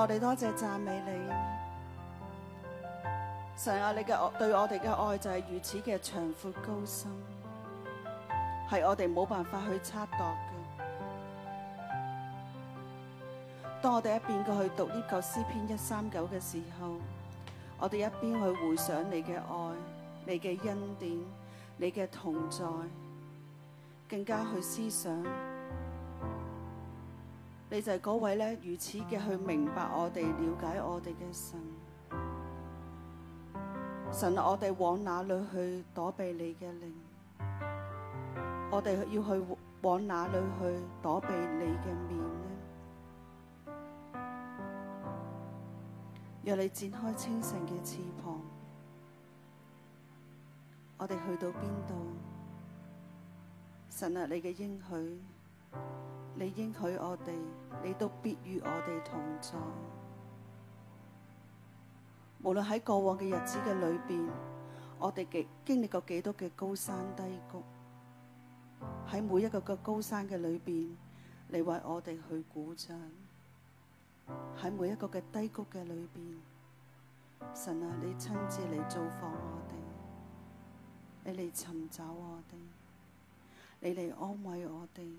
我哋多謝讚美你，神啊！你嘅愛，對我哋嘅愛就係如此嘅長闊高深，係我哋冇辦法去測度嘅。當我哋一邊過去讀呢個詩篇一三九嘅時候，我哋一邊去回想你嘅愛、你嘅恩典、你嘅同在，更加去思想。你就係嗰位咧，如此嘅去明白我哋、了解我哋嘅神。神啊，我哋往哪裏去躲避你嘅靈？我哋要去往哪裏去躲避你嘅面呢？若你展開清晨嘅翅膀，我哋去到邊度？神啊，你嘅應許。你應許我哋，你都必與我哋同在。無論喺過往嘅日子嘅裏邊，我哋幾經歷過幾多嘅高山低谷。喺每一個嘅高山嘅裏邊，你為我哋去鼓掌；喺每一個嘅低谷嘅裏邊，神啊，你親自嚟造訪我哋，你嚟尋找我哋，你嚟安慰我哋。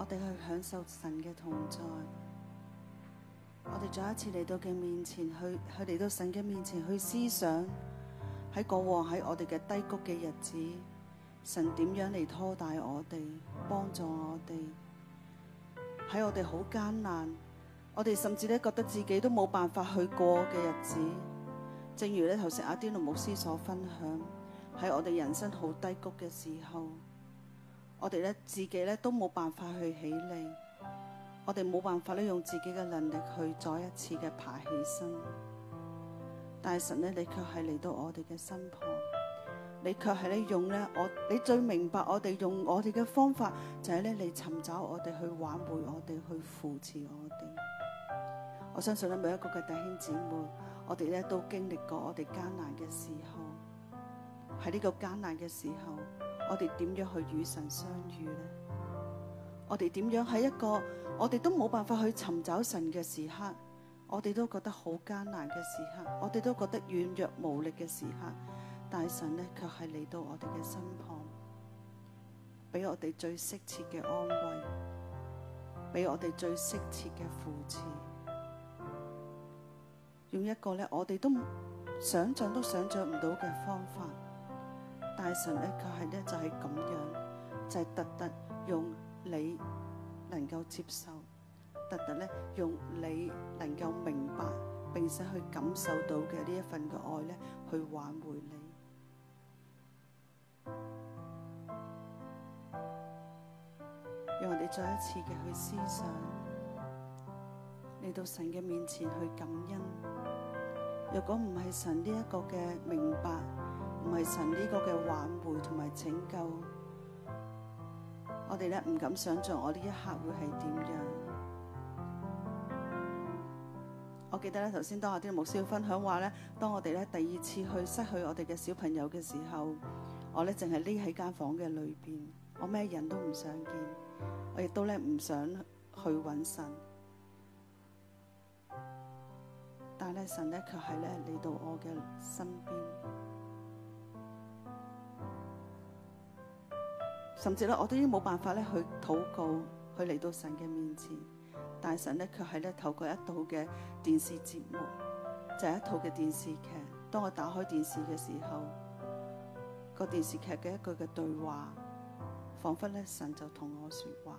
我哋去享受神嘅同在，我哋再一次嚟到嘅面前，去去嚟到神嘅面前去思想，喺過往喺我哋嘅低谷嘅日子，神點樣嚟拖帶我哋，幫助我哋，喺我哋好艱難，我哋甚至咧覺得自己都冇辦法去過嘅日子。正如咧頭先阿天路牧師所分享，喺我哋人生好低谷嘅時候。我哋咧自己咧都冇辦法去起嚟，我哋冇辦法咧用自己嘅能力去再一次嘅爬起身。但係神咧，你卻係嚟到我哋嘅身旁，你卻係咧用咧我，你最明白我哋用我哋嘅方法，就係咧你尋找我哋，去挽回我哋，去扶持我哋。我相信咧每一個嘅弟兄姊妹，我哋咧都經歷過我哋艱難嘅時候，喺呢個艱難嘅時候。我哋點樣去與神相遇呢？我哋點樣喺一個我哋都冇辦法去尋找神嘅時刻，我哋都覺得好艱難嘅時刻，我哋都覺得軟弱無力嘅時刻，大神咧卻係嚟到我哋嘅身旁，俾我哋最適切嘅安慰，俾我哋最適切嘅扶持，用一個咧我哋都想象都想象唔到嘅方法。大神咧，佢係咧就係咁樣，就係特特用你能夠接受，特特咧用你能夠明白，並且去感受到嘅呢一份嘅愛咧，去挽回你，讓我哋再一次嘅去思想，嚟到神嘅面前去感恩。若果唔係神呢一個嘅明白，唔係神呢個嘅挽回同埋拯救，我哋咧唔敢想象我呢一刻會係點樣。我記得咧，頭先當我啲牧師分享話咧，當我哋咧第二次去失去我哋嘅小朋友嘅時候，我咧淨係匿喺間房嘅裏邊，我咩人都唔想見，我亦都咧唔想去揾神，但係咧神咧卻係咧嚟到我嘅身邊。甚至咧，我都已經冇辦法咧去禱告，去嚟到神嘅面前，但係神咧卻係咧透過一套嘅電視節目，就係一套嘅電視劇。當我打開電視嘅時候，個電視劇嘅一句嘅對話，仿佛咧神就同我說話。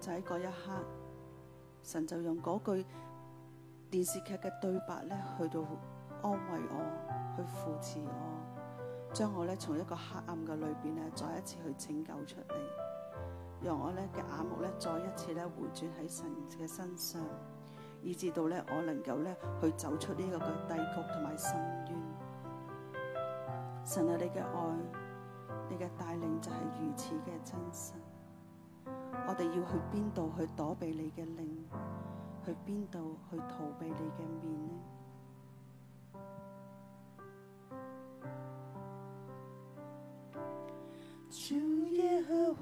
就喺嗰一刻，神就用嗰句電視劇嘅對白咧去到安慰我，去扶持我。將我咧從一個黑暗嘅裏邊咧，再一次去拯救出嚟，讓我咧嘅眼目咧，再一次咧回轉喺神嘅身上，以致到咧我能夠咧去走出呢個嘅低谷同埋深淵。神啊，你嘅愛，你嘅帶領就係如此嘅真實。我哋要去邊度去躲避你嘅靈？去邊度去逃避你嘅面呢？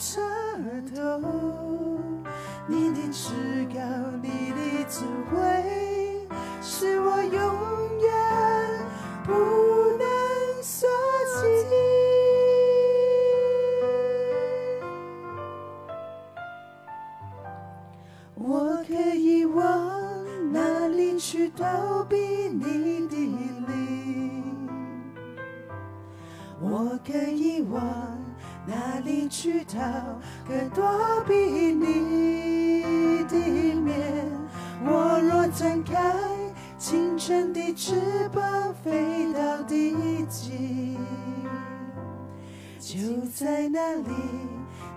插頭，你的至高利利滋滋，你的至偉，是我永遠不能觸及。 我可以往哪裏去逃避你的靈？我可以往。哪裏去逃可躲避你的面？我若展開清晨的翅膀，飛到地極，就在那裏，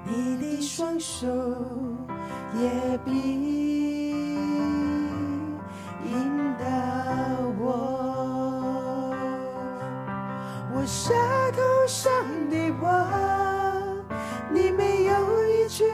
你的雙手也必引導我。我向上的望。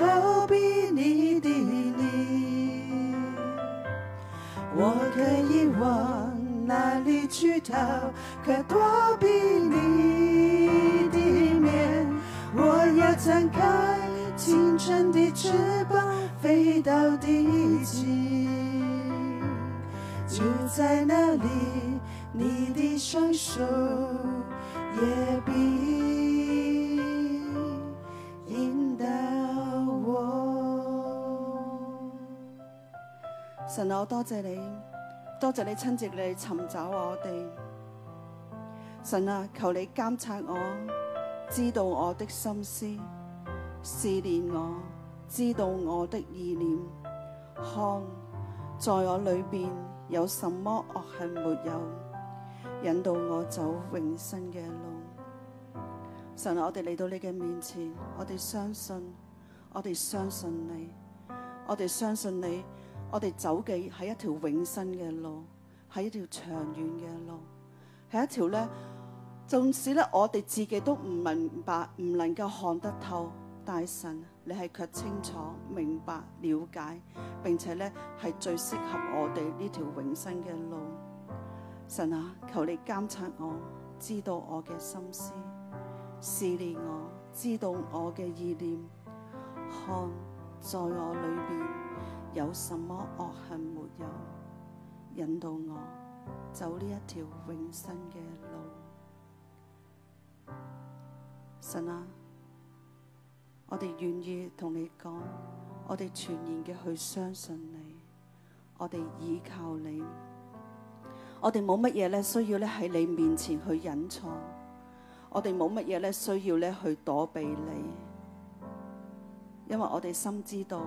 逃避你的臉，我可以往哪裏去逃？可躲避你的面？我若展開清晨的翅膀，飛到地極，就在那裏，你的雙手也比。神啊，我多謝你，多謝你親接你尋找我哋。神啊，求你監察我，知道我的心思，試煉我，知道我的意念，看在我裏邊有什麼惡行沒有，引導我走永生嘅路。神啊，我哋嚟到你嘅面前，我哋相信，我哋相信你，我哋相信你。我哋走嘅係一條永生嘅路，係一條長遠嘅路，係一條咧，縱使咧我哋自己都唔明白，唔能夠看得透，但神，你係卻清楚明白了解，並且咧係最適合我哋呢條永生嘅路。神啊，求你監察我，知道我嘅心思，試煉我，知道我嘅意念，看在我裏邊。有什麼惡行沒有引導我走呢一條永生嘅路？神啊，我哋願意同你講，我哋全然嘅去相信你，我哋依靠你，我哋冇乜嘢咧需要咧喺你面前去隱藏，我哋冇乜嘢咧需要咧去躲避你，因為我哋深知道。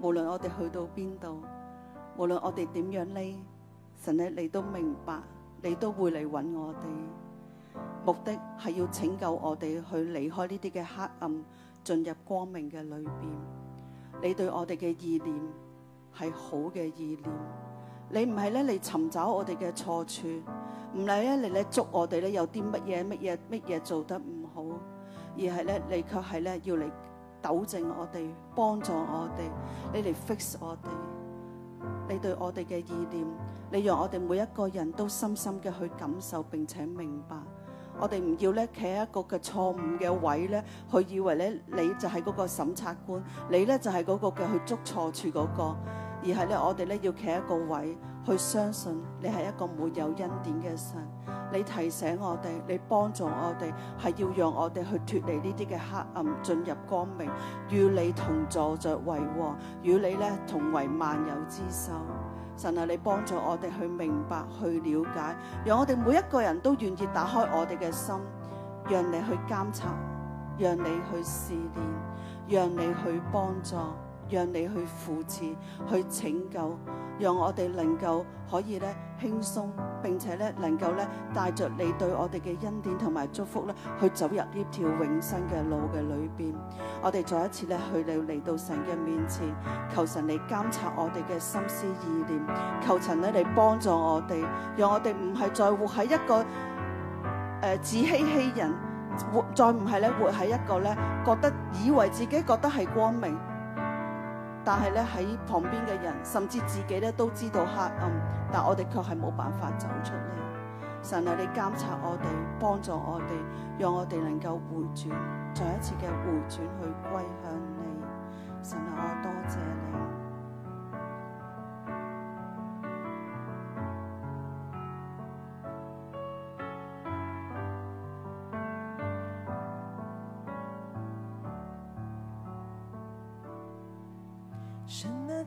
無論我哋去到邊度，無論我哋點樣呢，神呢，你都明白，你都會嚟揾我哋，目的係要拯救我哋去離開呢啲嘅黑暗，進入光明嘅裏邊。你對我哋嘅意念係好嘅意念，你唔係咧嚟尋找我哋嘅錯處，唔係咧嚟咧捉我哋咧有啲乜嘢乜嘢乜嘢做得唔好，而係咧你卻係咧要嚟。糾正我哋，幫助我哋，你嚟 fix 我哋，你對我哋嘅意念，你讓我哋每一個人都深深嘅去感受並且明白，我哋唔要咧企喺一個嘅錯誤嘅位咧，去以為咧你,你就係嗰個審察官，你咧就係嗰個嘅去捉錯處、那、嗰個，而係咧我哋咧要企一個位。去相信你係一個沒有恩典嘅神，你提醒我哋，你幫助我哋，係要讓我哋去脫離呢啲嘅黑暗，進入光明，與你同坐着為和，與你咧同為萬有之首。神啊，你幫助我哋去明白，去了解，讓我哋每一個人都願意打開我哋嘅心，讓你去監察，讓你去試煉，讓你去幫助。讓你去扶持、去拯救，讓我哋能夠可以咧輕鬆，並且咧能夠咧帶着你對我哋嘅恩典同埋祝福咧去走入呢條永生嘅路嘅裏邊。我哋再一次咧去了嚟到神嘅面前，求神嚟監察我哋嘅心思意念，求神咧嚟幫助我哋，讓我哋唔係再活喺一個誒自欺欺人，活再唔係咧活喺一個咧覺得以為自己覺得係光明。但係咧喺旁邊嘅人，甚至自己咧都知道黑暗，但我哋卻係冇辦法走出嚟。神啊，你監察我哋，幫助我哋，讓我哋能夠回轉，再一次嘅回轉去歸向你。神啊，我多謝你。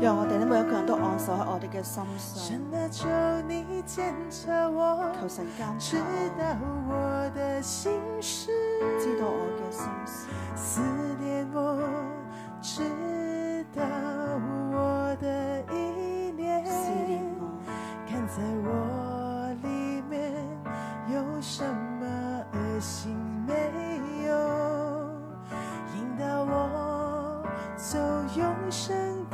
讓我哋呢每一個人都按手喺我哋嘅心上。求神鑒察，知道我嘅心思，試煉我，知道我的意念，試煉我，看在我裏面有什麼惡心沒有，引導我走永生。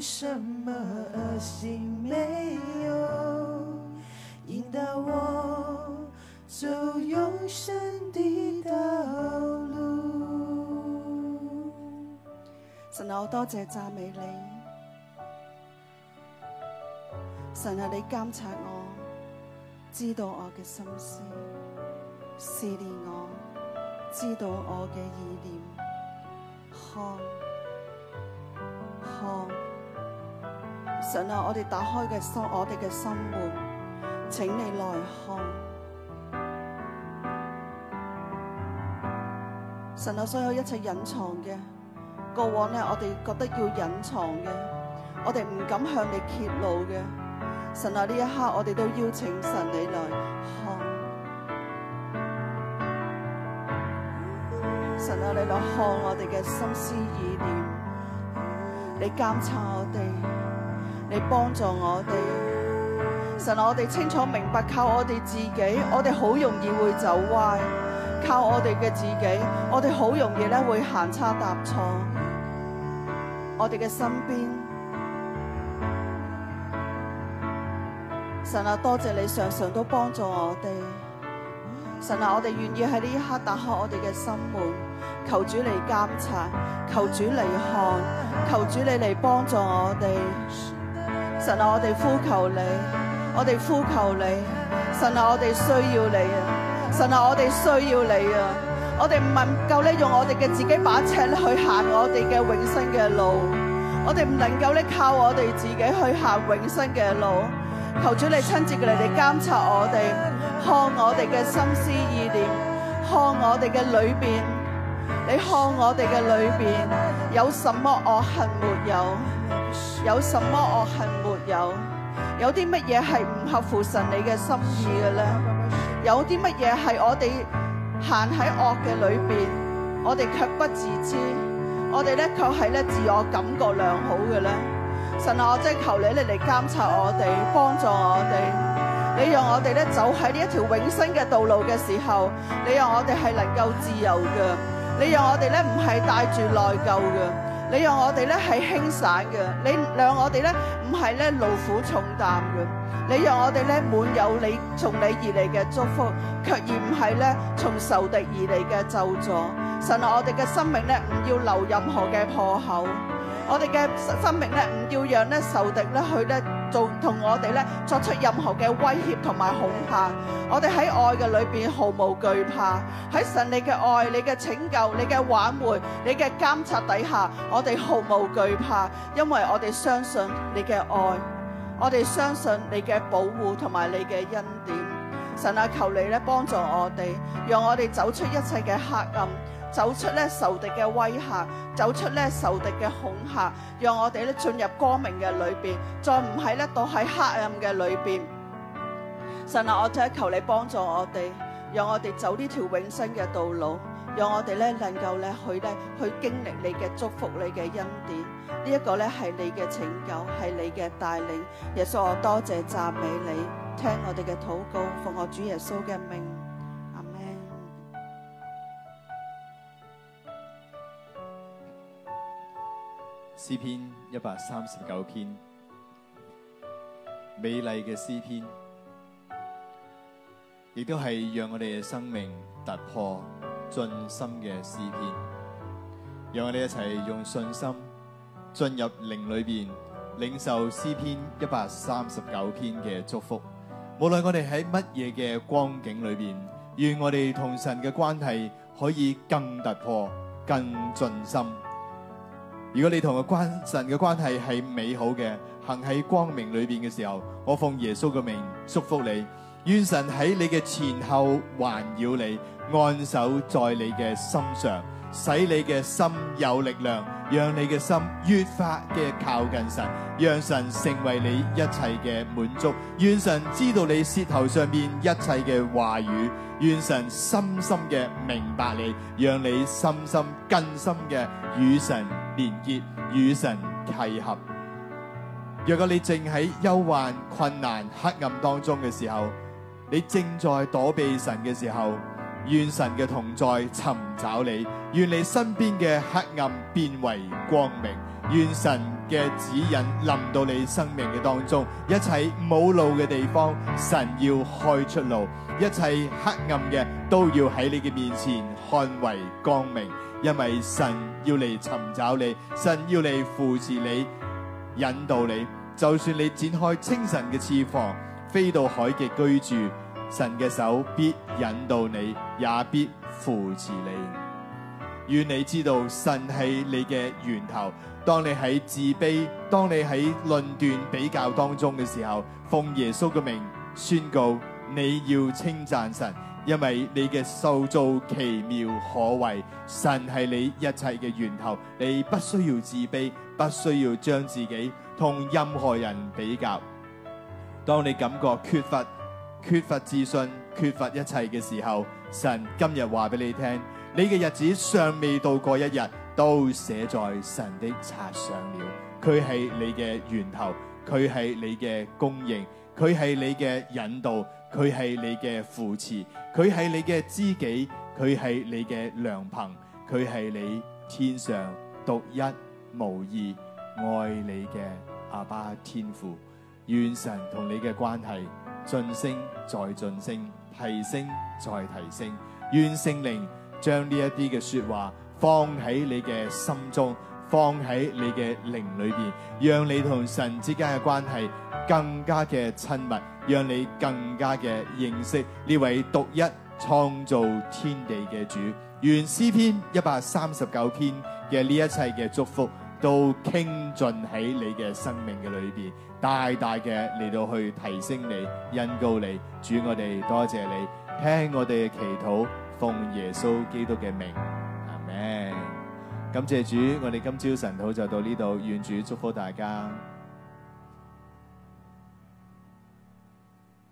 什麼惡心沒有，引導我走永生的道路。神啊，我多謝讚美你。神啊，你監察我，知道我嘅心思，試煉我，知道我嘅意念。神啊，我哋打開嘅心，我哋嘅心門，請你來看。神啊，所有一切隱藏嘅過往呢，我哋覺得要隱藏嘅，我哋唔敢向你揭露嘅，神啊，呢一刻我哋都邀請神你來看。神啊，你來看我哋嘅心思意念，你監察我哋。你幫助我哋，神啊，我哋清楚明白，靠我哋自己，我哋好容易會走歪，靠我哋嘅自己，我哋好容易咧會行差踏錯，我哋嘅身邊，神啊，多謝你常常都幫助我哋，神啊，我哋願意喺呢一刻打開我哋嘅心門，求主嚟監察，求主嚟看，求主你嚟幫助我哋。神啊，我哋呼求你，我哋呼求你。神啊，我哋需要你啊！神啊，我哋需要你啊！我哋唔能夠咧用我哋嘅自己把尺咧去行我哋嘅永生嘅路，我哋唔能夠咧靠我哋自己去行永生嘅路。求主你親自嚟哋監察我哋，看我哋嘅心思意念，看我哋嘅裏邊，你看我哋嘅裏邊有什麼惡行沒有？有什麼惡行？ 有有啲乜嘢係唔合乎神你嘅心意嘅咧？有啲乜嘢係我哋行喺惡嘅裏邊，我哋卻不自知，我哋咧卻係咧自我感覺良好嘅咧？神啊，我即係求你咧嚟監察我哋，幫助我哋。你讓我哋咧走喺呢一條永生嘅道路嘅時候，你讓我哋係能夠自由嘅，你讓我哋咧唔係帶住內疚嘅。你讓我哋咧係輕散嘅，你讓我哋咧唔係咧勞苦重擔嘅，你讓我哋呢滿有你從你而嚟嘅祝福，卻而唔係呢從仇敵而嚟嘅咒詛。神啊，我哋嘅生命呢唔要留任何嘅破口。我哋嘅生命呢，唔要讓呢仇敵呢去呢做同我哋呢作出任何嘅威脅同埋恐嚇。我哋喺愛嘅裏面，毫無懼怕，喺神你嘅愛你嘅拯救，你嘅挽回、你嘅監察底下，我哋毫無懼怕，因為我哋相信你嘅愛，我哋相信你嘅保護同埋你嘅恩典。神啊，求你呢，幫助我哋，讓我哋走出一切嘅黑暗。走出咧仇敵嘅威嚇，走出咧仇敵嘅恐嚇，讓我哋咧進入光明嘅裏邊，再唔係咧到喺黑暗嘅裏邊。神啊，我真求你幫助我哋，讓我哋走呢條永生嘅道路，讓我哋咧能夠咧去咧去經歷你嘅祝福，你嘅恩典。呢、這、一個咧係你嘅拯救，係你嘅帶領。耶穌，我多謝讚美你，聽我哋嘅禱告，奉我主耶穌嘅名。詩篇一百三十九篇，美麗嘅詩篇，亦都係讓我哋嘅生命突破盡心嘅詩篇。讓我哋一齊用信心進入靈裏邊，領受詩篇一百三十九篇嘅祝福。無論我哋喺乜嘢嘅光景裏邊，願我哋同神嘅關係可以更突破、更盡心。如果你同個關神嘅關係係美好嘅，行喺光明裏邊嘅時候，我奉耶穌嘅名祝福你，願神喺你嘅前後環繞你，按手在你嘅心上，使你嘅心有力量，讓你嘅心越發嘅靠近神，讓神成為你一切嘅滿足。願神知道你舌頭上面一切嘅話語，願神深深嘅明白你，讓你深深更深嘅與神。連結與神契合。若果你正喺憂患、困難、黑暗當中嘅時候，你正在躲避神嘅時候，願神嘅同在尋找你，願你身邊嘅黑暗變為光明，願神嘅指引臨到你生命嘅當中，一切冇路嘅地方，神要開出路，一切黑暗嘅都要喺你嘅面前變為光明。因為神要嚟尋找你，神要嚟扶持你、引導你。就算你展開清晨嘅翅膀，飛到海極居住，神嘅手必引導你，也必扶持你。願你知道神係你嘅源頭。當你喺自卑、當你喺論斷、比較當中嘅時候，奉耶穌嘅名，宣告：你要稱讚神。因為你嘅受造奇妙可畏，神係你一切嘅源頭，你不需要自卑，不需要將自己同任何人比較。當你感覺缺乏、缺乏自信、缺乏一切嘅時候，神今日話俾你聽：你嘅日子尚未度過一日，都寫在神的冊上了。佢係你嘅源頭，佢係你嘅供應，佢係你嘅引導。佢係你嘅扶持，佢係你嘅知己，佢係你嘅良朋，佢係你天上獨一無二愛你嘅阿爸天父。願神同你嘅關係晉升再晉升，提升再提升。願聖靈將呢一啲嘅說話放喺你嘅心中。放喺你嘅靈裏邊，讓你同神之間嘅關係更加嘅親密，讓你更加嘅認識呢位獨一創造天地嘅主。願詩篇一百三十九篇嘅呢一切嘅祝福都傾盡喺你嘅生命嘅裏邊，大大嘅嚟到去提升你、恩膏你。主，我哋多謝你，聽我哋嘅祈禱，奉耶穌基督嘅名，阿門。感謝主，我哋今朝晨禱就到呢度，願主祝福大家。